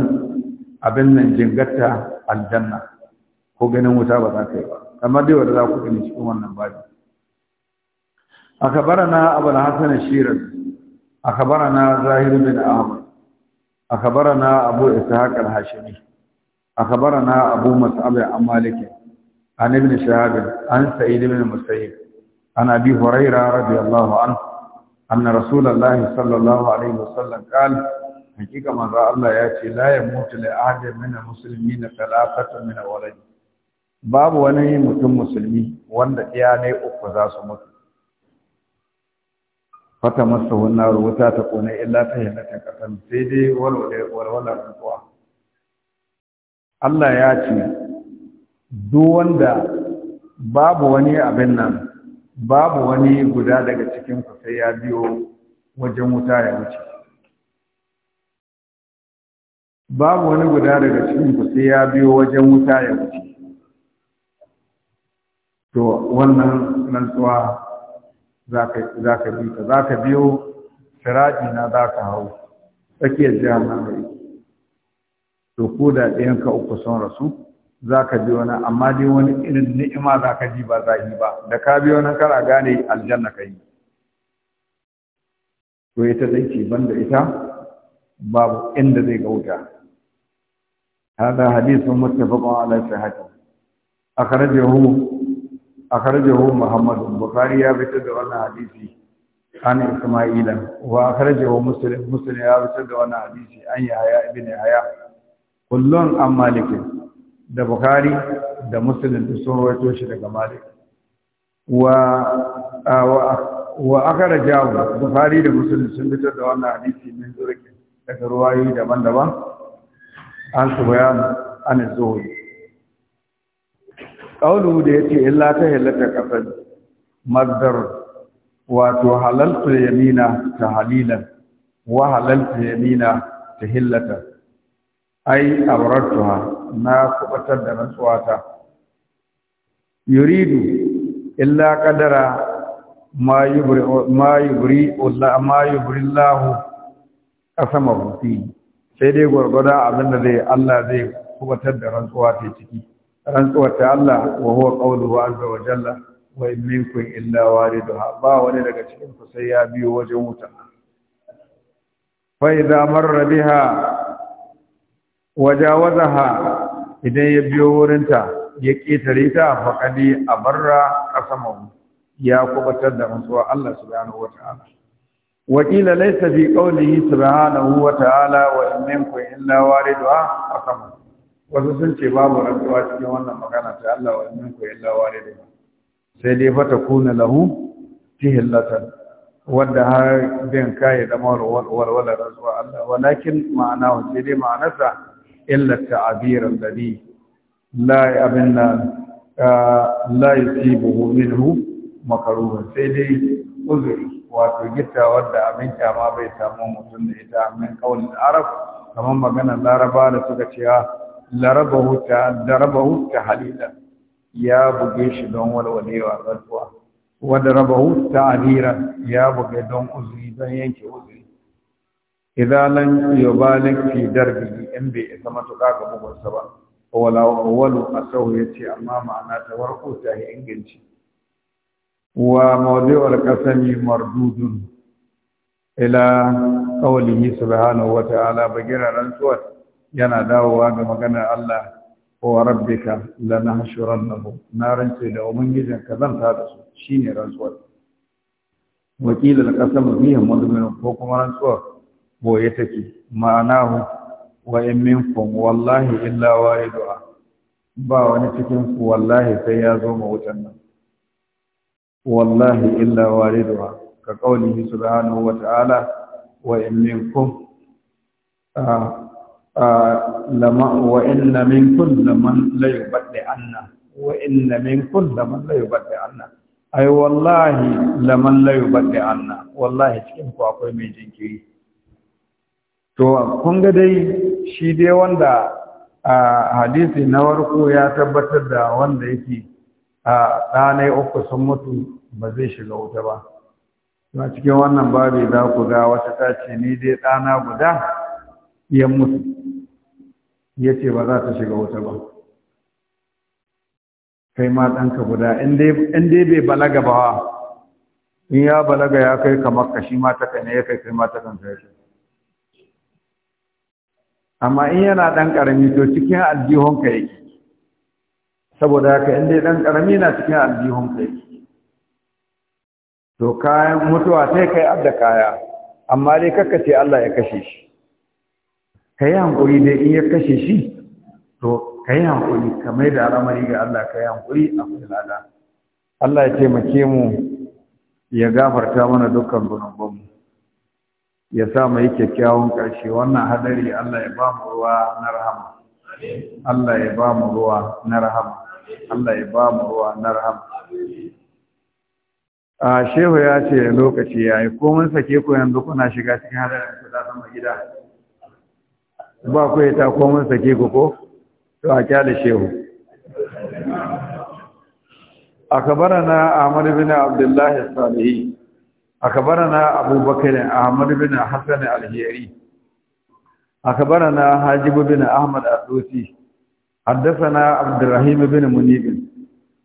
abin nan jingatta aljanna ko ganin wuta ba za ka yi ba amma dai wanda za ku gani cikin wannan babi أخبرنا أبو الحسن الشيرازي أخبرنا زاهر بن عامر أخبرنا أبو إسحاق الهاشمي أخبرنا أبو مسعب عن مالك عن ابن شهاب عن سعيد بن المسيب عن أبي هريرة رضي الله عنه أن رسول الله صلى الله عليه وسلم قال حقيقة من رأى الله يأتي لا يموت لأحد من المسلمين ثلاثة من ولد باب ونهي متم مسلمي وند يعني أخذ مسلم فتمسه النار وتاتقون إلا تهنة قتل سيدي والولا والولا Allah ya ce duwanda wanda babu wani abin nan babu wani guda daga cikin ku sai ya biyo wajen wuta ya wuce babu wani guda daga cikin ku sai ya biyo wajen wuta ya wuce to wannan rantsuwa za ka biyo siraji na za ka hau tsakiyar jihar mai to ko da ɗayan ka uku son rasu za ka ji wani amma dai wani irin ni'ima za ka ji ba zahi ba da ka bi wani kara gane aljanna ka yi to ita zai ce banda ita babu inda zai ga wuta هذا حديث متفق على صحته أخرجه أخرجه محمد البخاري يابتد وانا حديثي عن إسماعيل وأخرجه مسلم مسلم يابتد وانا حديثي عن يحيى ابن يحيى kullun an malikin da bukhari da musulun da sun rawaito shi daga malik wa wa akara jawo bukhari da musulun sun fitar da wannan hadisi min zurki daga ruwayi daban-daban an su bayan an zuwa ƙaunu da ce illa ta halaka kafin maddar wato halaltu yamina halilan wa halaltu yamina tahillatan ai auratuha na kubatar da rantsuwata yuridu illa qadara ma yubri ma yubri ulla ma sai dai gurgurda da zai Allah zai kubatar da rantsuwata ciki Rantsuwata Allah wa huwa qawluhu azza wa jalla wa in minkum illa waridha ba wani daga cikin ku sai ya biyo wajen wuta fa idza marra biha wajawazaha idan ya biyo wurinta ya ƙetare ta faƙadi a barra ƙasamahu ya kubatar da rantsuwa Allah subhanahu wa ta'ala wakila laysa fi qawlihi subhanahu wa ta'ala wa in minkum illa waridha qasam wasu sun ce babu rantsuwa cikin wannan magana ta Allah wa in minkum illa waridha sai dai fa takuna lahu tihlatan wanda har bin kai da mawar wal wal rantsuwa Allah walakin ma'anahu sai dai ma'anarsa illa ta'abir alladhi la abinna la yusibuhu minhu makaruhun sai dai uzuri wato gita wadda abin kyama bai samu mutum da ita min kaulin arab kamar maganar laraba da suka cewa larabahu ta darabahu ta halila ya buge shi don walwalewa rantsuwa Wa rabahu ta adira ya buge don uzuri don yanke uzuri idalan yubalik fi darbi in bai isa matuƙa ga bugunsa ba wala awwalu asahu yace amma ma'ana ta warko ta yi inganci wa mawdi'ul qasami mardudun ila qawlihi subhanahu wa ta'ala bagira rantsuwar yana dawowa ga maganar Allah wa rabbika lanahshurannahum na rantsi da ubangijin ka kazanta da su shine rantsuwar wakilul qasam fihim mudmin ko kuma rantsuwar boye take ma'anahu wa in minkum wallahi illa wariduha ba wani cikin ku wallahi sai ya zo ma wutan nan wallahi illa wariduha ka qaulihi subhanahu wa ta'ala wa in minkum lama wa inna minkum laman la yubaddi anna wa inna minkum laman la yubaddi anna ai wallahi laman la yubaddi anna wallahi cikin ku akwai mai jinkiri to kun ga dai shi dai wanda a hadisi na warko ya tabbatar da wanda yake a ɗanai uku sun mutu ba zai shiga wuta ba a cikin wannan babi za ku ga wata ta ce ni dai ɗana guda ya mutu ya ce ba za ta shiga wuta ba kai ma ɗanka guda in dai bai balaga ba in ya balaga ya kai kamar ka shi ma ta kai ne ya kai kai ma ta kan kai amma in yana ɗan ƙarami to cikin aljihunka yake saboda haka in dai ɗan ƙarami na cikin aljihunka yake to kayan mutuwa sai kai adda kaya amma dai kakka ce Allah ya kashe shi ka yi hankuri dai in ya kashe shi to ka yi hankuri ka mai da al'amari ga Allah ka yi hankuri a kudin Allah ya taimake mu ya gafarta mana dukkan zunubanmu ya sa mu yi kyakkyawan ƙarshe wannan hadari Allah ya ba mu ruwa na rahama Allah ya ba mu ruwa na rahama Allah ya ba mu ruwa na rahama a shehu ya ce lokaci ya yi ko mun sake ku yanzu kuna shiga cikin hadarin ku za sama gida ba ku ya ta ko mun sake ku ko to a kyale shehu a kabarana na bin abdullahi Salihu. أخبرنا أبو بكر أحمد بن حسن الهيري أخبرنا حاجب بن أحمد الدوسي حدثنا عبد الرحيم بن منيب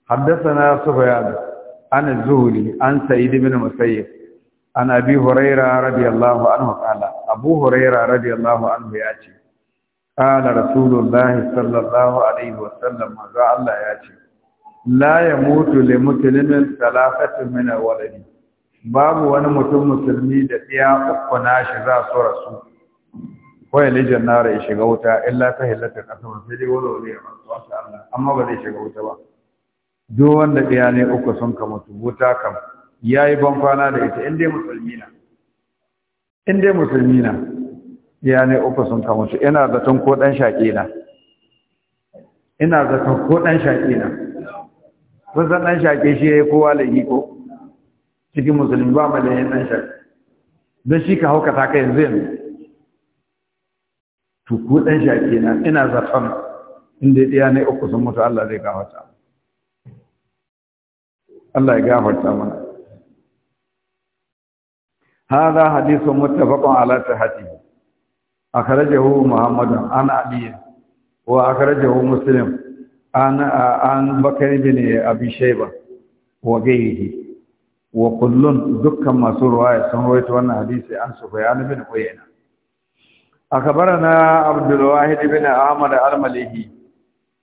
حدثنا سفيان عن الزهري عن سعيد بن مسيب عن أبي هريرة رضي الله عنه قال أبو هريرة رضي الله عنه يأتي قال رسول الله صلى الله عليه وسلم قال الله يأتي لا يموت لمسلم ثلاثة من ولده babu wani mutum musulmi da ɗaya uku nashi za su rasu kawai lijin nara ya shiga wuta illa ta hillatar ƙasa sai dai wani wani ya rantsuwa wasu Allah amma ba zai shiga wuta ba duk wanda ɗaya ne uku sun kama su wuta kam ya yi ban kwana da ita in dai musulmi na in dai musulmi na ɗiya ne uku sun kama su ina zaton ko ɗan shaƙi na ina zaton ko ɗan shaƙi na kun san ɗan shaƙi shi ya yi kowa laifi ko. cikin musulmi ba mai da yin ɗan shari don shi ka hauka ta kai zai mai tuku ɗan shari na, ina zaton inda ɗaya na uku sun mutu Allah zai gafarta Allah ya gafarta mana هذا حديث متفق على صحته أخرجه محمد عن علي وأخرجه مسلم عن عن بكر بن أبي شيبة وغيره wa kullun dukkan masu ruwaya sun rawaito wannan hadisi an su bayani bin qayna akhbarana abdul wahid bin ahmad al malihi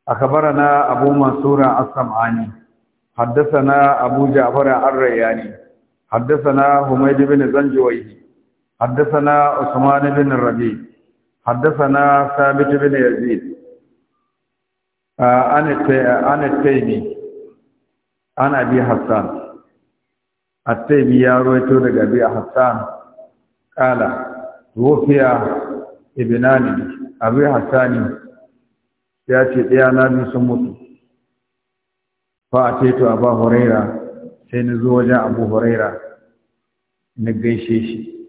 akhbarana abu mansura as-sam'ani haddathana abu ja'far ar-rayani haddathana humayd bin zanjawi haddathana usman bin rabi haddathana thabit bin yazid ana uh, ana taymi ana bi hasan at-taymi ya rawaito daga bi hassan qala wufiya ibnani abi hassani ya ce ɗaya na biyu sun mutu fa a ce to abu huraira sai ni zo wajen abu huraira na gaishe shi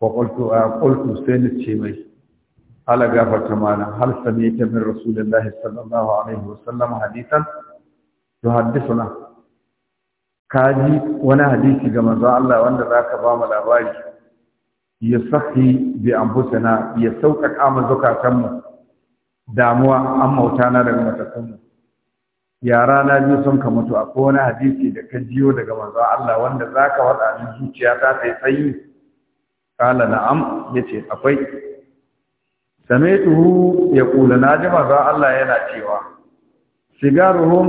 wa qultu a qultu sai ni ce mai ala gafarta mana hal sami ta min rasulullahi sallallahu alaihi wasallam hadisan to ka ji wani hadisi ga manzo Allah wanda zaka ba mu labari ya sahi bi anfusina ya sauƙaƙa mu zukatan mu damuwa an mauta na daga matakanmu. mu yara na biyu sun ka mutu akwai wani hadisi da ka jiyo daga manzo Allah wanda zaka wada ni zuciya ta sai tsayi kala na'am yace akwai ya yaqulu na ji manzo Allah yana cewa sigaruhum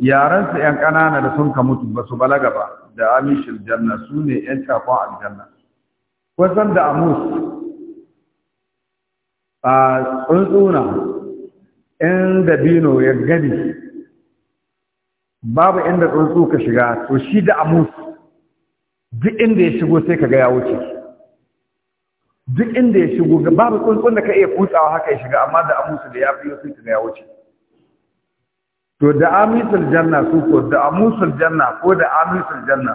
yaransu ‘yan ƙanana da sun ka mutu ba su balaga ba da amishin janna su ne ‘yan shafon aljanna. Kusan da amus a tsuntsuna ‘yan dabino ya gani babu inda tsuntsu ka shiga to shi da amus duk inda ya shigo sai ka ga ya wuce. Duk inda ya shigo babu tsuntsun da ka iya kutsawa haka ya shiga amma da amusu da ya fiye sai ka ga ya wuce. to da amisul janna su ko da amusul janna ko da amisul janna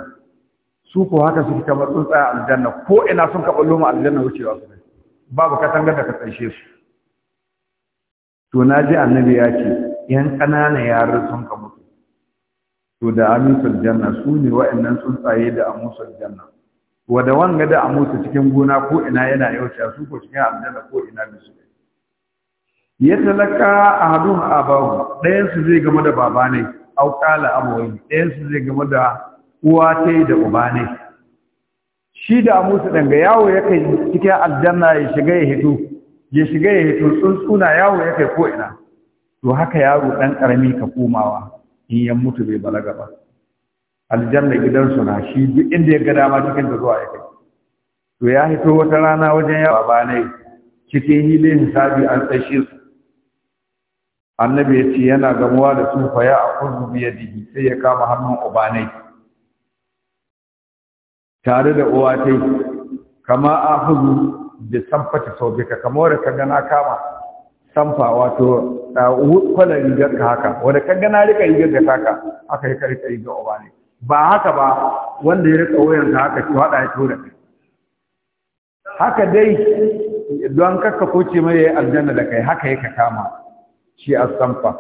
su ko haka suke kamar tsuntsaye aljanna ko ina sun ka ballo aljanna wucewa su babu katangar da ka tsaishe su to na ji annabi ya ce yan ƙanana yaran sun ka mutu to da amisul janna su ne wa'annan tsuntsaye da amusul janna da wanga da amusu cikin gona ko ina yana yauce su ko cikin aljanna ko ina bisu ya talaka a hadu a babu ɗayansu zai game da baba ne au kala zai game da uwa ta da uba ne shi da musu ɗanga, yawo ya kai cikin aljanna ya shiga ya hito ya shiga ya hito tsuntsuna yawo ya kai ko ina to haka yaro ɗan ƙarami ka komawa in ya mutu bai balaga ba aljanna gidansu na shi duk inda ya ga dama cikin da zuwa ya kai to ya hito wata rana wajen ya ba ne cikin hilin hisabi an shi su annabi ya ce yana gamuwa da su fa ya akuzu bi yadihi sai ya kama hannun ubanai tare da uwa tai kama huzu da samfata saubika kama wadda ka gana kama samfa wato kwana rigar ka haka wadda ka gana rika rigar da haka aka yi karika rigar ubanai ba haka ba wanda ya rika wayan ka haka ki hada ya tura kai haka dai don kakka ce mai aljanna da kai haka yake kama shi as-sanfa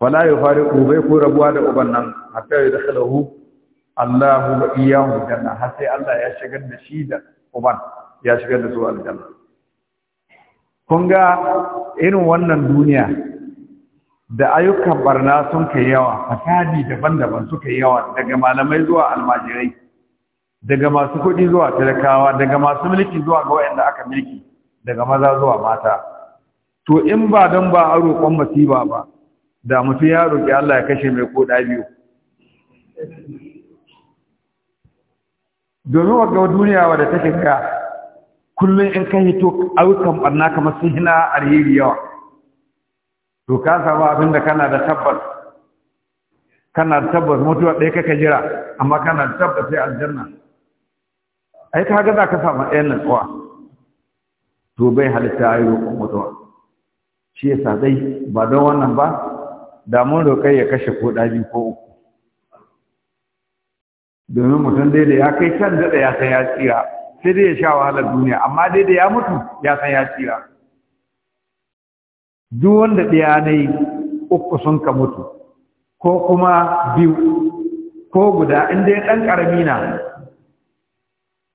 wala yufariqu bai ko rabuwa da uban nan hatta ya hu Allahu wa iyyahu janna har sai Allah ya shigar da shi da uban ya shigar da su aljanna kun ga irin wannan duniya da ayyukan barna sun kai yawa fasadi daban-daban suka yawa daga malamai zuwa almajirai daga masu kuɗi zuwa talakawa daga masu mulki zuwa ga wayanda aka mulki daga maza zuwa mata to in ba don ba a roƙon masiba ba da mutum ya roƙi Allah ya kashe mai koda biyu domin wagga duniya wadda take ka kullum in ka hito aukan barna kamar sun hina alheri yawa to ka samu abin da kana da tabbas kana da tabbas mutuwa ɗaya kaka jira amma kana da tabbas sai aljanna ai ka ga za ka samu ɗayan natsuwa to bai halitta ayyukan mutuwa shi yasa dai ba don wannan ba da mun roƙai ya kashe ko ɗabi ko uku domin mutum dai da ya kai can daɗa ya san ya tsira sai dai ya sha wahalar duniya amma dai da ya mutu ya san ya tsira duk wanda ɗaya na yi uku sun ka mutu ko kuma biyu ko guda in dai ɗan ƙarami na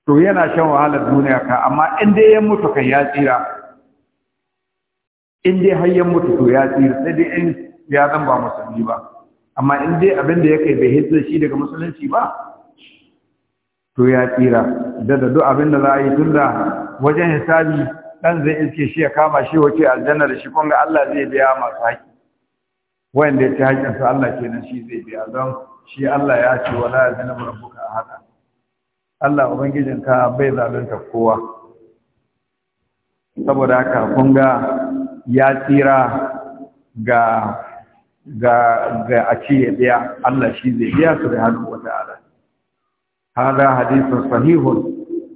to yana shan wahalar duniya ka amma in dai ya mutu kan ya tsira in dai hayyan mutu to ya tsira sai dai in ya zan ba musulmi ba amma in dai abin da ya kai bai hitsa shi daga musulunci ba to ya tsira da da duk abin da za a yi tun da wajen hisabi dan zai iske shi ya kama shi wace aljanna da shi kun ga Allah zai biya masu haƙi wanda ya ci haƙin sa Allah kenan shi zai biya don shi Allah ya ce wala yazina rabbuka haka Allah ubangijinka bai zalunta kowa saboda haka kun ga ya tsira ga ga ga a ce ya biya Allah shi zai biya su da hannu wata ala hada hadisun sahihun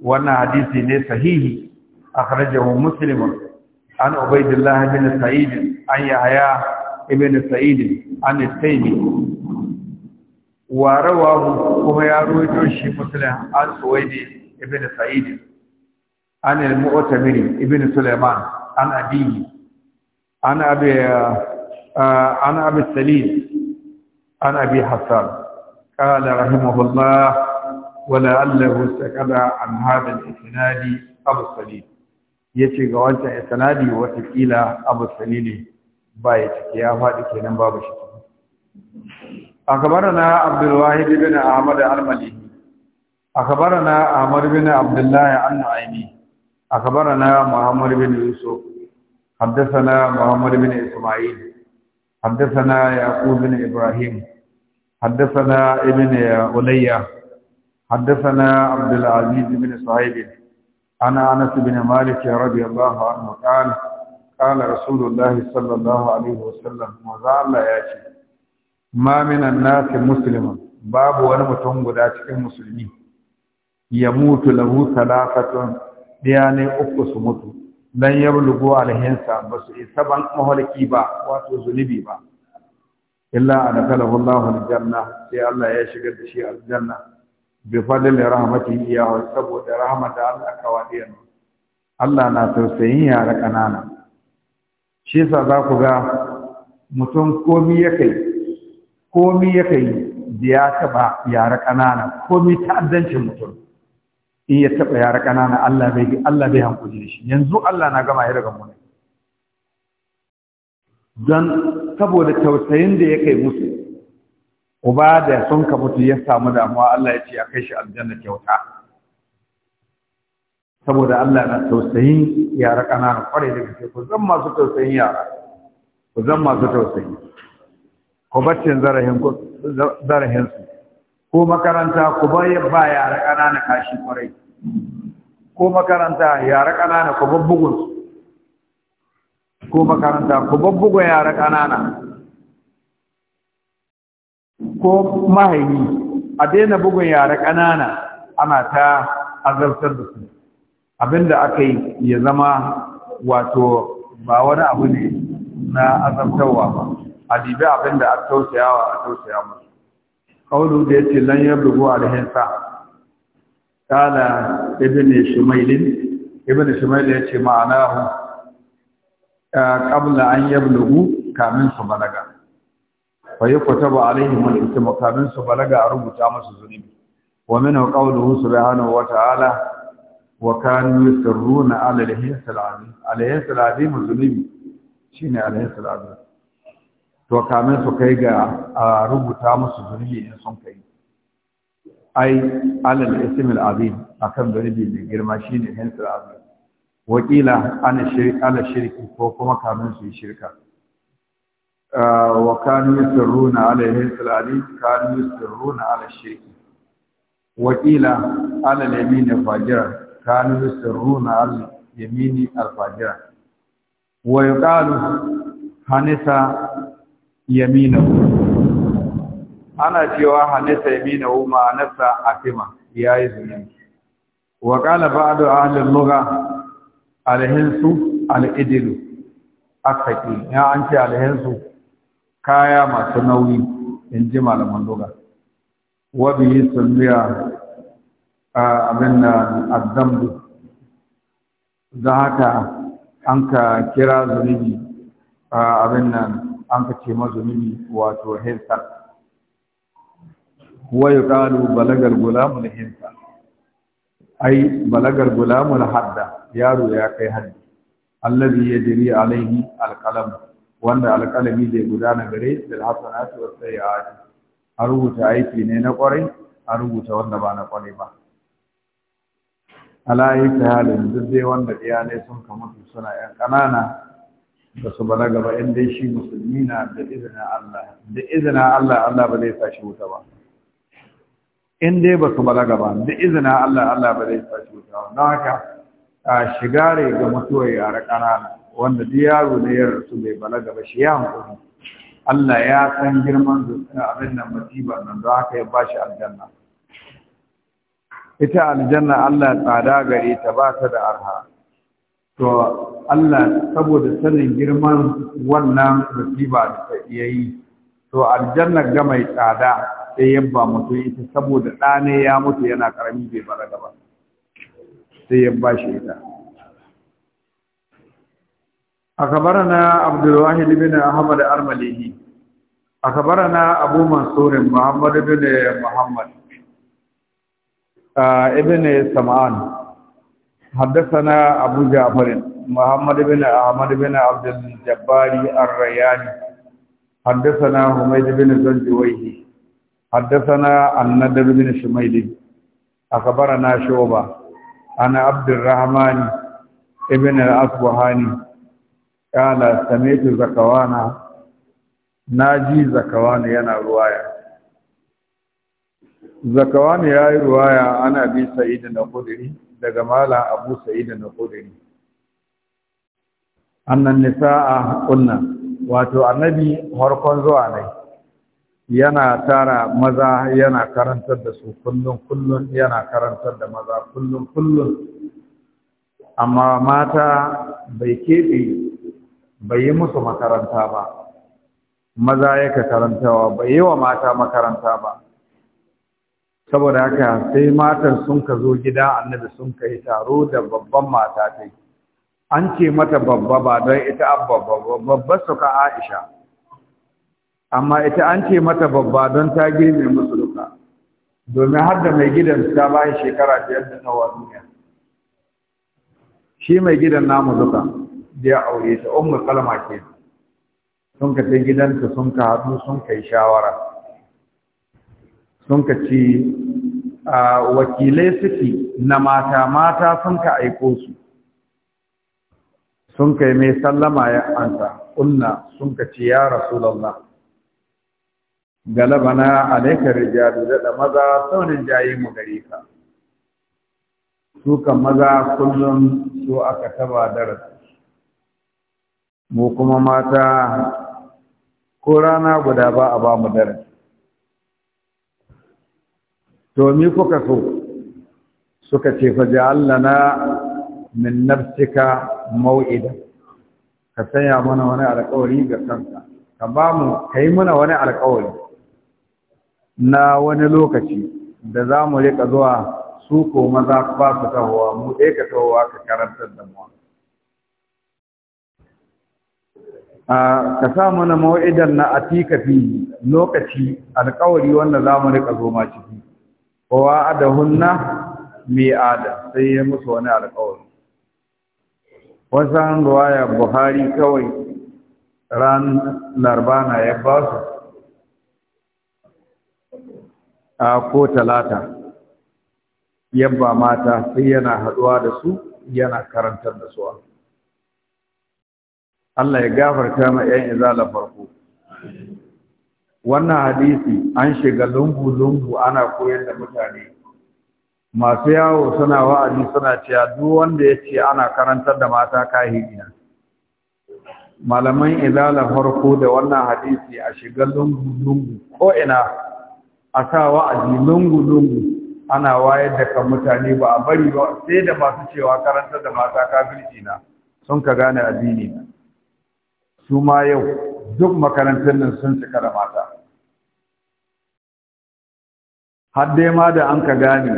wannan hadisi ne sahihi a akhrajahu musulman an ubaidillah bin Sa'idin an yahya ibn Sa'idin an taymi wa rawahu kuma ya ruwaito shi musulman an suwaidi ibn sa'id an al-mu'tamiri ibn Suleiman an abihi an abi an abi salim an abi hasan qala rahimahullah wa la'allahu an hada al abu salim yace ga wancan isnadi wata kila abu salili ba ya cike ya faɗi kenan babu shi أخبرنا عبد الواحد بن na المليحي أخبرنا Abdullahi, بن عبد الله النعيمي na محمد بن Yusuf. حدثنا محمد بن إسماعيل حدثنا يعقوب بن إبراهيم حدثنا ابن علي حدثنا عبد العزيز بن صهيب عن أنس بن مالك رضي الله عنه قال قال رسول الله صلى الله عليه وسلم وزعل ياتي ما من الناس مسلما باب wani mutum guda cikin musulmi ya mutu lahu talafatun daya ne uku su mutu lan yablugu alhinsa ba su isa ban mahalaki ba wato zunubi ba illa adakalahu Allah aljanna sai Allah ya shigar da shi aljanna bi fadli rahmati ya wa saboda rahmata Allah kawadiyan Allah na tausayin yara kanana shi yasa za ku ga mutum komi ya kai komi ya kai ba yara kanana komi ta'addancin mutum in ya taɓa yara ƙanana Allah bai Allah bai hankuli da shi yanzu Allah na gama ya daga mu don saboda tausayin da ya kai musu uba da sun ka mutu ya samu damuwa Allah ya ce a kai shi aljanna kyauta saboda Allah na tausayin yara ƙanana kwarai da gaske ku zan masu tausayin yara ku zan masu tausayi ku baccin zarahin su ko makaranta ku bayar ba yara ƙanana kashi ƙwarai ko makaranta yara ƙanana ku babbugun ko makaranta ku babbugun yara ƙanana ko mahaifi a daina bugun yara ƙanana ana ta azartar da su abinda aka yi ya zama wato ba wani abu ne na azartarwa ba a dibi abinda a tausayawa a tausaya musu kaulu da yace lan yablugu alhinsa kala shimailin ya ce ma'ana hu ma'anahu kabla an rubu kamin su balaga fa yuktaba alaihim al-ithmu kamin su balaga a rubuta musu zunubi wa hu su rahana wa ta'ala wa kan yi ala al-hinsa al-azim al-hinsa al zunubi shine ne hinsa al to kamin su kai ga a rubuta musu zunubi in sun kai ai alal ismil azim akan zunubi mai girma shine hinsul azim wakila ana shirki ala shirki ko kuma kamin su yi shirka wa kanu yusirruna ala hinsul azim kanu yusirruna ala shirki wakila ala yamin fajira kanu yusirruna ala yamini al fajira wa yuqalu hanisa yaminahu ana cewa hanisa yaminahu ma'anarsa atima yayi zunubi wa qala ba'du ahli al-lugha alhinsu hinsu al-idlu akaki ya an ce al kaya masu nauyi in ji malaman lugha wa bi sunniya abin addambu da haka an ka kira zunubi abin nan an ka ce mazunumi wato hinsa wa ƙalu balagar gulamun hinsa ai balagar gulamul hadda yaro ya kai haddi allazi a alaihi alqalam wanda alqalami zai gudana gare da hasanatu was sayyi'ati a rubuta aiki ne na kwarai a rubuta wanda ba na kwarai ba alayi ta halin duk wanda iyalai sun kamutu suna yan ƙanana da su bana gaba in dai shi musulmi na da izinin Allah da izinin Allah Allah ba zai sashi wuta ba in dai ba su bana gaba da izinin Allah Allah ba zai sashi wuta ba don haka a shiga ne ga mutuwar yara ƙanana wanda duk yaro ne ya rasu bai bana Gaba shi ya hankali Allah ya san girman zuciya abin nan masiba nan don haka ya bashi aljanna ita aljanna Allah tsada gare ta ba ta da arha to Allah saboda sanin girman wannan musiba da ya yi to aljanna ga mai tsada sai yabba mutu ita saboda ne ya mutu yana karami bai bara ba, sai yabba shi ita أخبرنا عبد الواحد بن أحمد أرمليه أخبرنا أبو منصور محمد بن محمد ابن سمعان حدثنا أبو جعفر محمد بن أحمد بن عبد الجبار الريان حدثنا حميد بن زنجويه حدثنا الندب بن شميد أخبرنا شعبة أنا عبد الرحمن ابن الأصبهاني قال سمعت زكوانا ناجي زكوانا ينا روايه zakawan يا yi ruwaya ana bi sa'idin daga Mala, abu sa'id na kudari annan nisa'a kunna wato annabi harkon zuwa ne yana tara maza yana karantar da su kullum kullum yana karantar da maza kullum kullun amma mata bai keɓe bai yi musu makaranta ba maza yake karantawa bai yi wa mata makaranta ba saboda haka sai matan sun ka zo gida annabi sun ka yi taro da babban mata ta yi an ce mata babba ba don ita babba babba su ka aisha amma ita an ce mata babba don ta girme musu duka domin har da mai gidan ta shi shekara biyar da nawa duniya shi mai gidan namu duka da ya aure ta ummu kalma ke sun ka gidan gidanta sun ka haɗu sun kai shawara sun ka ce wakilai suke na mata mata sun ka aiko su sun kai mai sallama ya anta kunna sun ka ce ya rasulallah galabana alaikar rijalu da maza saurin jayi mu gare ka su kan maza kullum su aka taba darasi mu kuma mata ko rana guda ba a ba mu darasi to mi kuka so suka ce fa ja'alna min nafsika mau'ida ka sanya mana wani alƙawari ga kanka ka ba mu kai mana wani alƙawari na wani lokaci da za mu rika zuwa su ko maza ba su tahowa mu ɗaya ka tahowa ka karantar da mu ka sa mana mawa'idan na atika fi lokaci alƙawari wanda za mu rika zo ma ciki wa mi ada sai ya musu wani alƙawari wasan ruwaya buhari kawai ran larbana ya ba su a ko talata yabba mata sai yana haɗuwa da su yana karantar da su Allah ya gafarta ma 'yan izala farko wannan hadisi an shiga lungu-lungu ana koyar da mutane masu yawo suna wa'azi suna cewa duk wanda ya ce ana karantar da mata kahiriya malaman izala farko da wannan hadisi a shiga lungu-lungu ina a sa wa'azi lungu-lungu ana wayar da kan mutane ba a bari ba sai da masu cewa karantar da mata kafirci na sun ka gane addini na su ma yau duk makarantar nan sun cika da mata har dai ma da an ka gane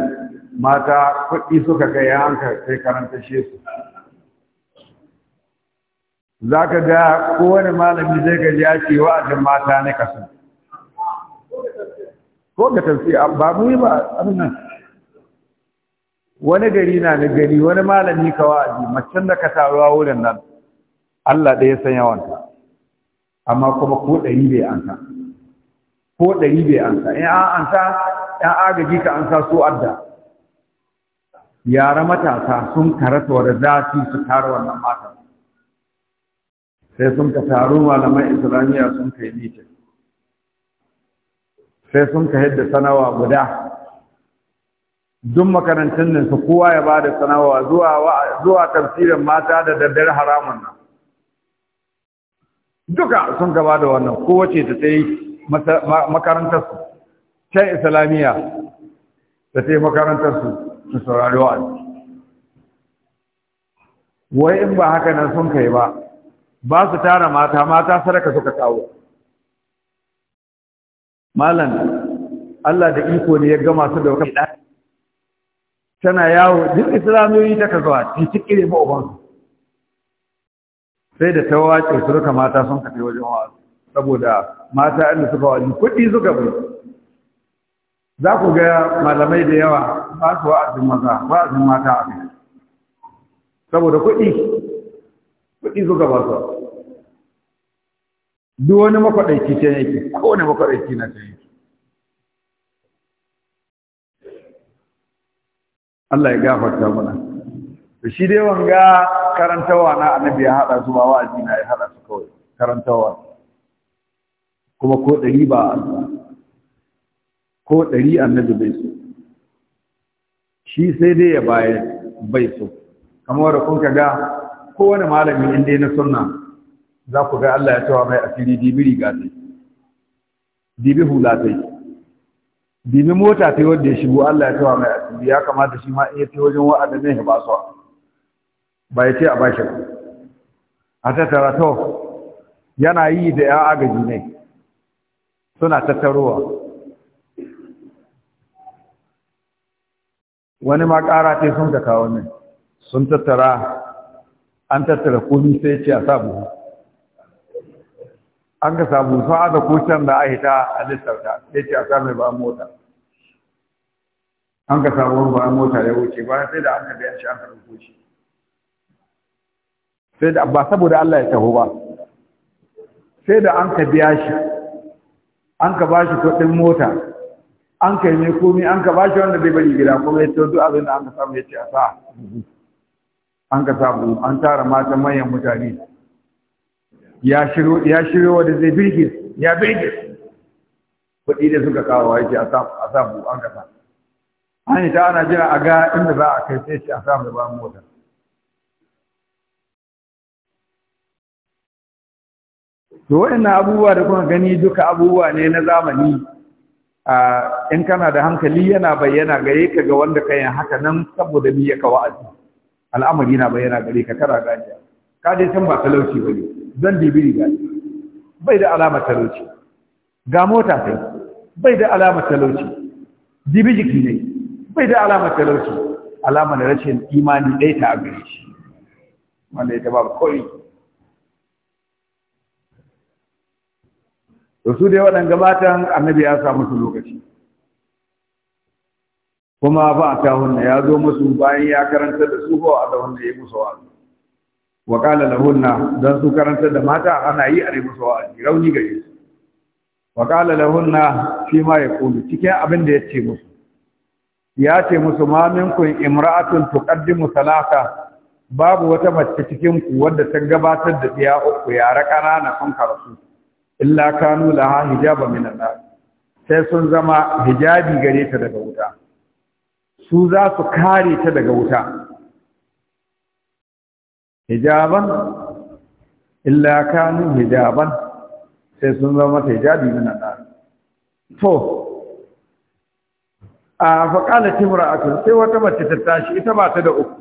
mata kuɗi suka kai an ka kai karanta shi su za ka ga kowane malami zai ga ya ce wa'azin mata ne kasu ko ga tafsi ba mu yi ba abin wani gari na da gari wani malami ka wa'azi macen da ka taruwa wurin nan Allah ɗaya san yawanta amma kuma ko ɗari bai ansa ko ɗari bai ka in an ansa Ya agaji ka an sa su adda yara matasa sun karata da za su su tara wannan mata sai sun ka taru malaman islamiyya sun kai mitin sai sun ka yadda sanawa guda duk makarantun nan su kowa ya ba da sanawa zuwa tafsirin mata da daddare haramun nan duka sun gaba da wannan kowace ta ta yi makarantarsu can islamiyya da ta yi makarantar su su saurari wai in ba haka nan sun kai ba ba su tara mata mata sadaka suka kawo malam Allah da iko ne ya gama su da wani tana yawo duk islamiyoyi ta kazawa cikin kire ba su sai da ta wace su ruka mata sun kafe wajen wa'azi saboda mata inda suka wa'azi kuɗi suka bai za ku ga malamai da yawa ba su wa'azin maza wa'azin mata a kai saboda kuɗi kuɗi suka ba su duk wani makwaɗaiki can yake kowane makwaɗaiki na can yake Allah ya gafarta mana da shi dai wanga karantawa na annabi ya haɗa su ba wa'azi na ya haɗa su kawai karantawa kuma ko ɗari ba a ko ɗari annabi bai so shi sai dai ya bayar bai so kamar da kun ga kowane malami in dai na sunna za ku ga Allah ya cewa mai asiri dibi riga sai dibi hula sai dibi mota sai wanda ya shigo Allah ya cewa mai asiri ya kamata shi ma in ya ce wajen wa'ada ne ya ba su ba ya ce a bashi ba a tattara to yana yi da ya agaji ne suna tattarowa wani ma ƙara ce sun ka kawo min sun tattara an tattara komi sai ce a sabu an ka sabu sun aka kusan da a hita a lissarta sai ce a sami ba mota an ka sabu ba mota ya wuce ba sai da an ka biya shi an ka ɗauko shi sai da ba saboda Allah ya taho ba sai da an ka biya shi an ka ba shi kuɗin mota an kai ne komi an ka bashi wanda bai bari gida kuma ya duk abin da an ka samu ya ce a sa an ka samu an tara matan manyan mutane ya shiro wanda zai birge ya birge kuɗi da suka kawo ya ce a samu an ka sa an yi ta ana jira a ga inda za a kai sai ce a sa da ba mota to na abubuwa da kuma gani duka abubuwa ne na zamani in kana da hankali yana bayyana gare ka ga wanda ka yin haka nan saboda ni ya ka wa'azi al'amari na bayyana gare ka kara gajiya ka je can ba talauci ba ne don dibiri ga bai da alamar talauci ga mota sai bai da alamar talauci dibi jiki ne bai da alamar talauci alamar rashin imani ɗaya ta a gare shi wanda ya ba kawai to su dai waɗanda gabatan annabi ya sa musu lokaci kuma ba a ta hunna ya zo musu bayan ya karanta da su ba a da wanda ya musu wa'azi wa da lahunna dan su karanta da mata ana yi a musu wa'azi rauni gare su wa da lahunna shi ma ya kulu cikin abin da ya ce musu ya ce musu ma minkum imra'atun tuqaddimu salata babu wata mace cikin ku wadda ta gabatar da biya uku yara ƙanana sun karasu illa kanu laha hijaba min an sai sun zama hijabi gare ta daga wuta su za su kare ta daga wuta hijaban illa kanu hijaban sai sun zama ta hijabi min an to a faƙalar timura a sai wata mace ta tashi ita ba ta da uku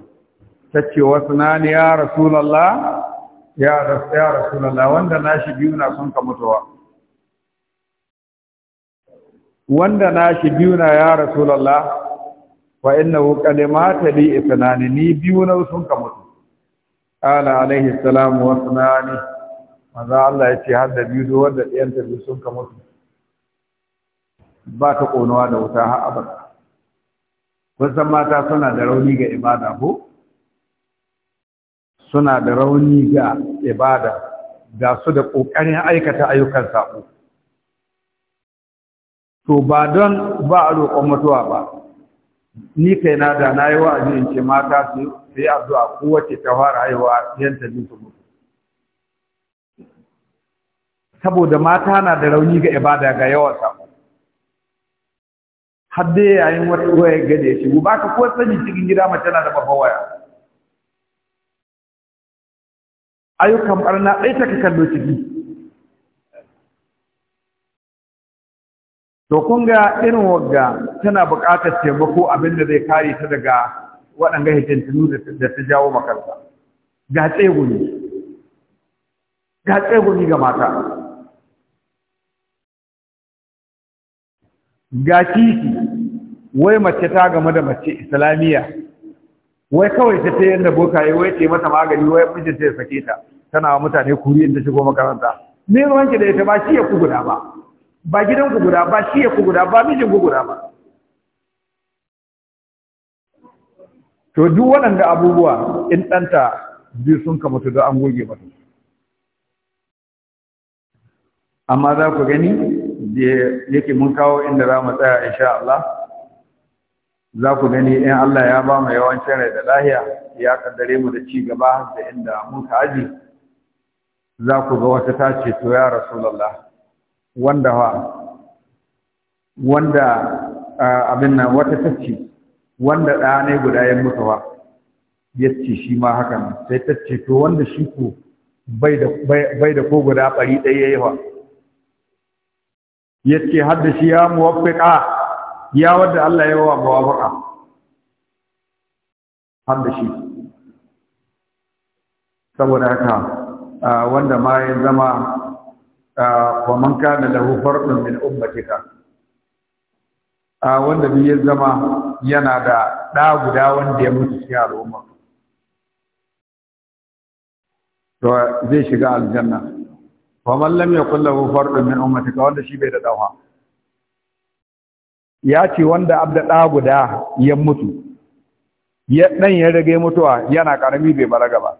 ta ce wasu na ni ya rasulallah ya rasulallah wanda nashi biyu na son ka mutuwa wanda nashi biyu na ya rasulallah fa innahu kalimata li ithnani ni biyu na sun ka mutu ala alaihi salam wa sunani maza Allah ya ce har da biyu wanda ɗayan ta biyu sun ka mutu ba ta konuwa da wuta har abada wasan mata suna da rauni ga ibada ko suna da rauni ga ibada ga su da ƙoƙarin aikata ayyukan saƙo to ba don ba a roƙon mutuwa ba ni kai na da na yi wa'azi in ce mata su yi addu'a kowace ta fara haihuwa yanta biyu su mutu saboda mata na da rauni ga ibada ga yawan samu har dai yayin wata waya ga da ba ka ko sani cikin gida mace na da babban waya ayyukan barna ta take kallo ciki to kun ga irin wagga tana buƙatar taimako abin da zai kare ta daga waɗanga hitintunu da ta jawo makarta ga tsegumi ga tsegumi ga mata ga kiki wai mace ta game da mace islamiyya wai kawai ta ta yanda boka yi wai ce mata magani wai mijin ta sake ta tana wa mutane kuri in ta shigo makaranta ne ki da ita ba shi ya ku guda ba ba gidan ku guda ba shi ya ku guda ba mijin ku guda ba to duk waɗanda abubuwa in ɗanta biyu sun ka mutu don an goge mata amma za ku gani da yake mun kawo inda za mu tsaya insha Allah za ku gani in Allah ya ba mu yawancin rai da lahiya ya kaddare mu da ci gaba da inda mun aji za ku ga wata ta ce to ya rasulullah wanda wa wanda abin nan wata ta ce wanda da ne guda ya mutu wa ya ce shi ma hakan sai ta ce to wanda shi ko bai da ko guda ɓari ɗaya yayi ya ce har da shi ya muwaffiqa ya wadda Allah ya wa ba har da shi saboda haka wanda ma ya zama wa man kana lahu fardun min ummatika wanda bi ya zama yana da ɗa guda wanda ya mutu cikin al'umma to zai shiga aljanna wa man lam yakul lahu fardun min ummatika wanda shi bai da dawa ya ce wanda abda ɗa guda ya mutu ɗan ya rage mutuwa yana ƙarami bai bara ba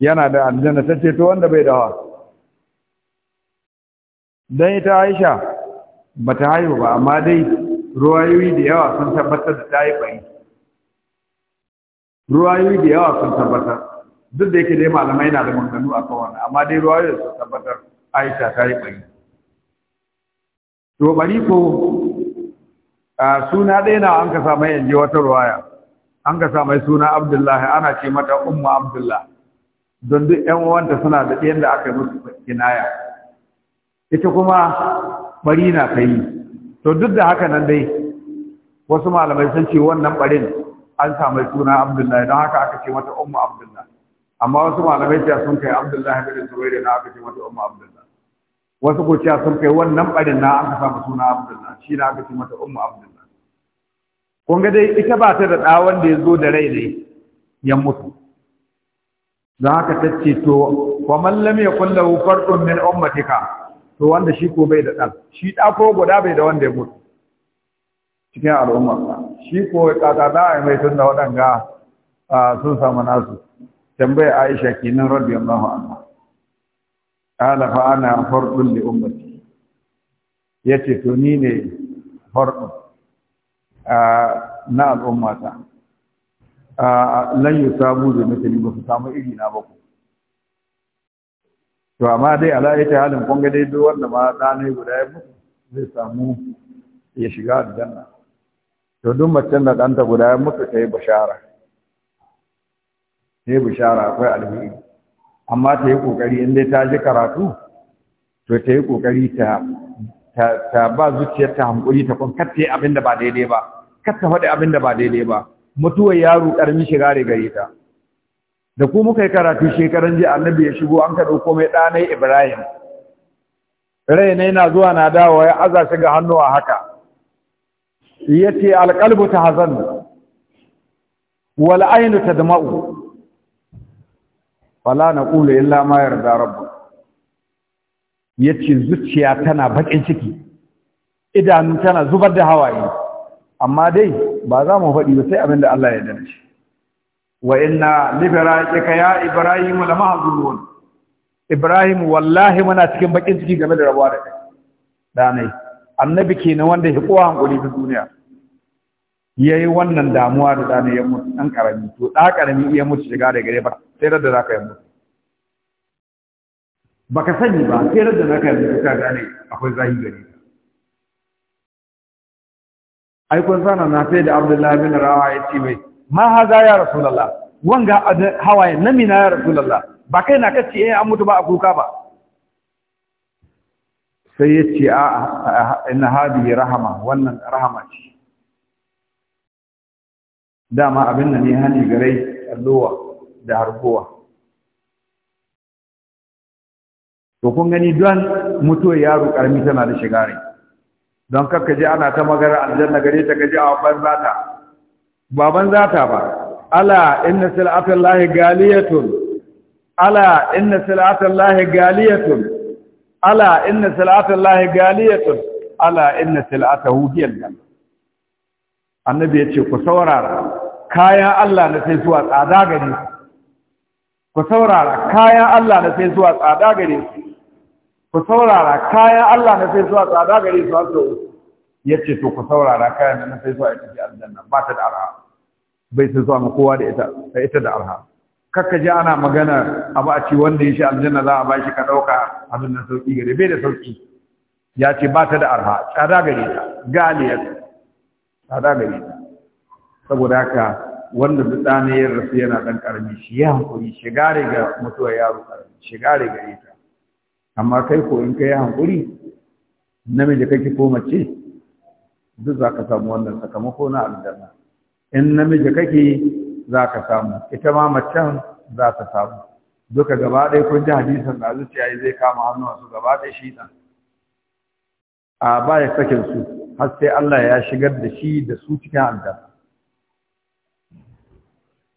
yana da aljanna ta ce to wanda bai dawa Don ita Aisha bata haihu ba amma dai ruwayoyi da yawa sun tabbatar da ta yi bai ruwayoyi da yawa sun tabbatar duk da yake dai malamai na da maganganu a kan amma dai ruwayoyi sun tabbatar Aisha ta yi bai to bari ko suna ɗaya na an ka samai yanzu wata ruwaya an ka samai suna abdullahi ana ce mata umma abdullah don duk ƴan uwanta suna da ɗayan da aka yi musu kinaya ita kuma bari na ta yi to duk da haka nan dai wasu malamai sun ce wannan barin an samai suna abdullahi don haka aka ce mata umma abdullah amma wasu malamai ce sun kai abdullahi bin zubair na aka ce mata umma abdullah wasu kurciya sun kai wannan barin na an samu suna abdullah shi na aka ce mata ummu abdullah kun ga dai ita ba ta da ɗa wanda ya zo da rai ne ya mutu Za haka ta ce to wa mallam ya kulla fardun min ummatika to wanda shi ko bai da ɗan shi ɗa ko guda bai da wanda ya mutu cikin al'umma shi ko kaka za a yi mai tun da waɗanga sun samu nasu tambaya aisha kenan radiyallahu anha ala fa ana fardun li ummati yace to ni ne fardun na al'ummata lan yusabu da mutum ba su samu iri na ba ku to amma dai ala ita halin kun ga dai duk wanda ma ne guda ya mutu zai samu ya shiga aljanna to duk macen da danta guda ya mutu ta yi bashara ne bashara akwai alheri amma ta yi ƙoƙari in dai ta ji karatu to ta yi ƙoƙari ta ta ba zuciyar ta hankuli ta katta yi abin da ba daidai ba katta faɗi abin da ba daidai ba mutuwar yaro ƙaramin shiga da gare ta da ku muka yi karatu shekaran jiya annabi ya shigo an ka ɗauko mai ɗanai ibrahim rai ne na zuwa na dawowa ya aza shi ga hannu a haka ya ce alƙalbu ta hazan wal ta dama'u fala na ƙulu illa ma da rabbu ya zuciya tana baƙin ciki idanu tana zubar da hawaye amma dai ba za mu faɗi ba sai abin da Allah ya dana shi wa inna libiraqika ya ibrahim la mahzunun ibrahim wallahi muna cikin baƙin ciki game da rabuwa da kai da annabi kenan wanda ya kowa hankuli ta duniya ya yi wannan damuwa da ɗana ya mutu ɗan ƙarami to ɗa ƙarami ya mutu shiga da gare ba sai da za ka yi mutu ba ka sani ba sai da za ka yi mutu ka gane akwai zahi gari ka ai kun sana na sai da abdullahi bin rawa ya ce mai ma za ya lalla, wanga hawaye na mina ya rasulullah ba kai na kace eh an mutu ba a kuka ba sai ya ce a inna hadihi rahama wannan rahama ce dama abin da ne hani garai allowa da harkowa to kun gani don mutuwar yaro karmi tana da shiga ne, don kakka je ana ta magana aljanna gare ta gaji a ban zata baban zata ba ala inna sil'atan lahi galiyatun ala inna sil'atan lahi galiyatun ala inna sil'atan lahi galiyatun ala inna sil'atahu hiyal janna annabi ya ce ku saurara kayan Allah na sai zuwa tsada gare su ku saurara kayan Allah na sai zuwa tsada gare su ku saurara kayan Allah na sai zuwa tsada gare su wato sau yace to ku saurara kayan na sai zuwa ita ce aljanna ba ta da arha bai sai zuwa ma kowa da ita da ita da arha kakka ji ana magana abu a ci wanda ya shi aljanna za a ba shi ka ɗauka abin nan sauƙi gare bai da sauƙi ya ce ba ta da arha tsada gare ta galiyar tsada gare ta saboda haka wanda duk ɗane ya rasu yana ɗan ƙarami shi ya hankuri gare ga mutuwar yaro ƙarami gare ga ita amma kai ko in kai hankuri namiji kake ko mace duk za ka samu wannan sakamako na aljanna in namiji kake za ka samu ita ma macen za ta samu duka gaba ɗaya kun ji hadisan da zuciya zai kama hannuwa su gaba ɗaya shi ɗan a baya sakin su har sai Allah ya shigar da shi da su cikin aljanna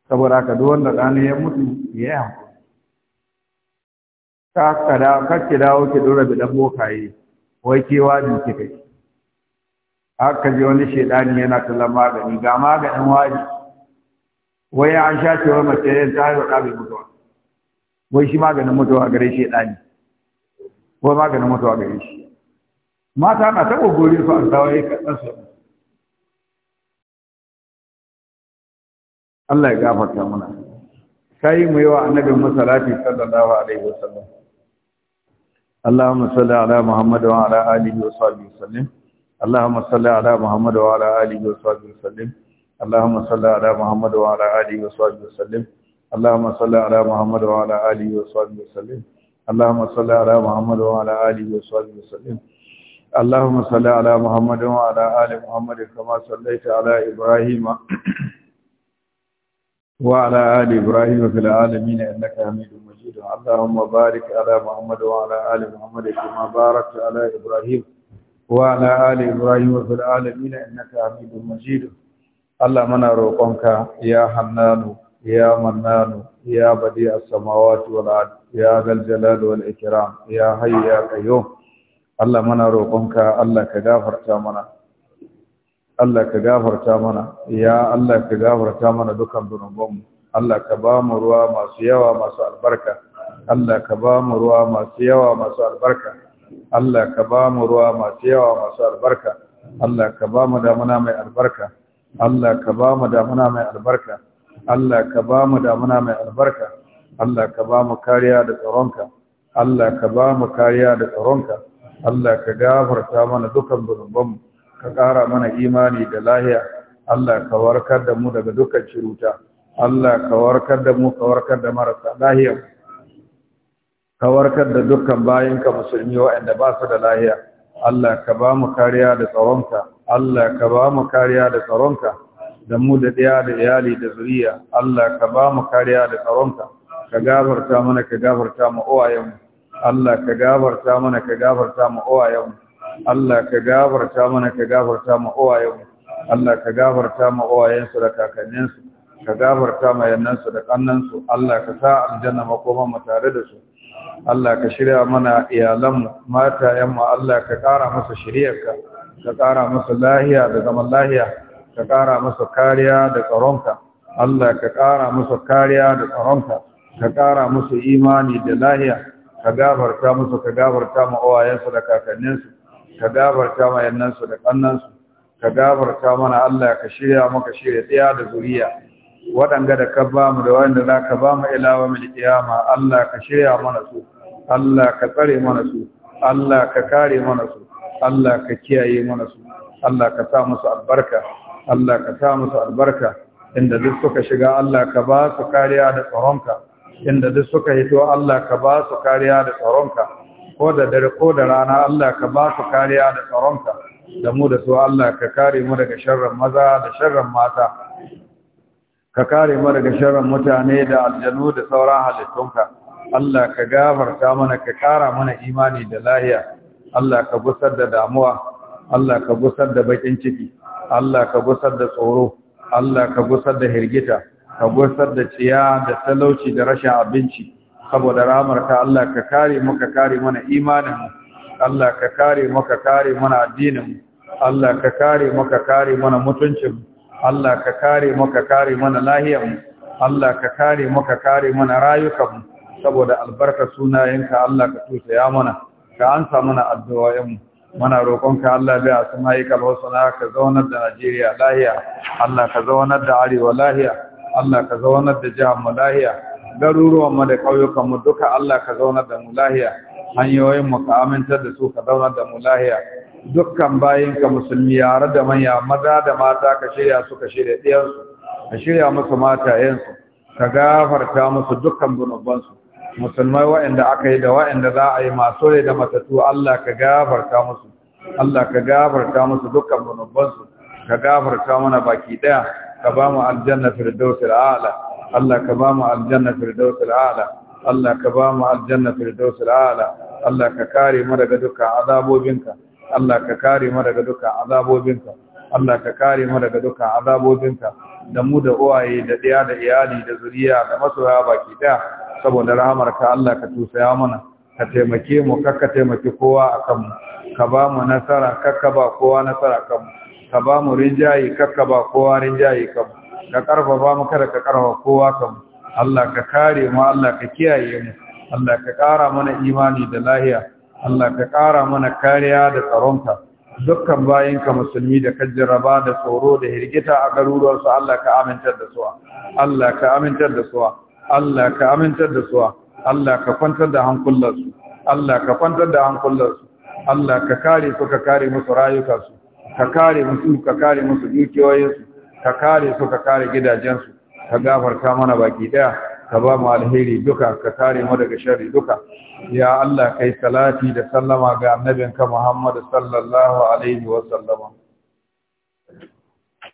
saboda haka duk wanda ɗani ya mutu ya yi hankali kakki dawo ke dora bi ɗan bokaye wai ke wajin ki kai haka je wani shaidani yana kallon magani ga maganin wari wai an sha ce wai mace yin ta haihuwa ɗabi mutuwa wai shi maganin mutuwa gare shaidani wai maganin mutuwa gare shi mata na taɓa gori su an tawaye kaɗan su Allah ya gafarta muna kai mu yawa annabin masalati sallallahu alaihi wasallam Allahumma salli ala Muhammad wa ala alihi wa sahbihi wasallam Allahumma salli ala Muhammad wa ala alihi wa sahbihi wasallam Allahumma salli ala Muhammad wa ala alihi wa sahbihi wasallam Allahumma salli ala Muhammad wa ala alihi wa sahbihi wasallam Allahumma salli ala Muhammad wa ala alihi wa sahbihi wasallam اللهم صل على محمد وعلى ال محمد كما صليت على ابراهيم وعلى آل إبراهيم في العالمين إنك حميد مجيد اللهم بارك على محمد وعلى آل محمد كما باركت على إبراهيم وعلى آل إبراهيم في العالمين إنك حميد مجيد اللهم أنا روقك يا حنان يا منان يا بديع السماوات والأرض يا ذا الجلال والإكرام يا حي يا قيوم اللهم أنا روقك الله كغفرت منا Allah ka gafarta mana ya Allah ka gafarta mana dukan zunubanmu Allah ka ba mu ruwa masu yawa masu albarka Allah ka ba mu ruwa masu yawa masu albarka Allah ka ba mu ruwa masu yawa masu albarka Allah ka ba mu damuna mai albarka Allah ka ba mu damuna mai albarka Allah ka ba mu damuna mai albarka Allah ka ba mu kariya da tsaronka Allah ka ba mu kariya da tsaronka Allah ka gafarta mana dukan mu. ka ƙara mana imani da lahiya Allah ka warkar da mu daga dukkan ciruta Allah ka warkar da mu ka warkar da marasa lahiya ka warkar da dukkan bayinka musulmi waɗanda ba su da lahiya Allah ka ba mu kariya da tsaronka Allah ka ba mu kariya da tsaronka da mu da ɗaya da iyali da zuriya Allah ka ba mu kariya da tsaronka ka gafarta mana ka gafarta mu uwayenmu Allah ka gafarta mana ka gafarta mu uwayenmu Allah ka gafarta mana ka gafarta ma uwayenmu Allah ka gafarta ma uwayensu da kakanninsu ka gafarta ma yannansu da kannansu Allah ka sa aljanna makoma mu tare da su Allah ka shirya mana iyalanmu matayenmu Allah ka ƙara musu shiryarka ka ƙara musu lahiya da zaman lahiya ka ƙara musu kariya da tsaronka Allah ka ƙara musu kariya da tsaronka ka ƙara musu imani da lahiya ka gafarta musu ka gafarta ma uwayensu da kakanninsu ka gabarta ma yannansu da kannansu ka gabarta mana Allah ka shirya maka shirya tsaya da zuriya waɗanga da ka ba mu da wanda za ka ba mu ilawa mil kiyama Allah ka shirya mana su Allah ka tsare mana su Allah ka kare mana su Allah ka kiyaye mana su Allah ka sa musu albarka Allah ka sa musu albarka inda duk suka shiga Allah ka ba su kariya da tsaronka inda duk suka hito Allah ka ba su kariya da tsaronka ko da dare ko da rana Allah ka ba su kariya da tsaronka da mu da su Allah ka kare mu daga sharran maza da sharran mata ka kare mu daga sharran mutane da aljanu da sauran halittunka Allah ka gafarta mana ka kara mana imani da lahiya Allah ka gusar da damuwa Allah ka gusar da bakin ciki Allah ka gusar da tsoro Allah ka gusar da hirgita ka gusar da ciya da talauci da rashin abinci saboda ramar ka Allah ka kare mu ka kare mana imanin mu Allah ka kare mu ka kare mana addinin mu Allah ka kare mu ka kare mana mutuncin mu Allah ka kare mu ka kare mana lahiyar mu Allah ka kare mu ka kare mana rayukan mu saboda albarka sunayenka Allah ka tusa ya mana ka ansa mana addu'o'in mu muna roƙonka Allah bai a sun haikal husna ka zaunar da Najeriya lahiya Allah ka zaunar da Arewa lahiya Allah ka zaunar da jihar mu lahiya garuruwan mu da ƙauyukan mu duka Allah ka zauna da mu lahiya hanyoyin mu ka amintar da su ka zauna da mu lahiya dukkan ka musulmi yare da manya maza da mata ka shirya su ka shirya ɗiyansu ka shirya musu matayensu ka gafarta musu dukkan zunubansu musulmai waɗanda aka yi da waɗanda za a yi masu rai da matattu Allah ka gafarta musu Allah ka gafarta musu dukkan zunubansu ka gafarta mana baki ɗaya ka ba mu aljanna firdausil a'la Allah ka bamu mu aljanna firdaus al'ala Allah ka ba aljanna firdaus al'ala Allah ka kare mu daga dukkan azabobinka Allah ka kare mu daga dukkan azabobinka Allah ka kare mu daga dukkan azabobinka da mu da uwaye da ɗaya da iyali da zuriya da masoya baki ɗaya saboda rahamarka Allah ka tusaya mana ka taimake mu kakka taimaki kowa a kanmu ka ba nasara kakka ba kowa nasara kanmu ka ba mu rinjaye kakka ba kowa rinjaye kanmu ka karfafa mu kada ka karfafa kowa kan Allah ka kare mu Allah ka kiyaye mu Allah ka kara mana imani da lahiya Allah ka kara mana kariya da tsaronka dukkan bayinka musulmi da kajjaraba da tsoro da hirgita a garuruwarsu Allah ka amintar da su Allah ka amintar da su Allah ka amintar da su Allah ka kwantar da hankulansu Allah ka kwantar da hankulansu Allah ka kare su ka kare musu rayukansu ka kare musu ka kare musu dukiyoyinsu ka kare su ka kare gidajensu ka gafarta mana baki ɗaya, ka ba mu alheri duka ka kare mu daga shari duka ya Allah kai salati da sallama ga annabinka Muhammadu sallallahu alaihi wa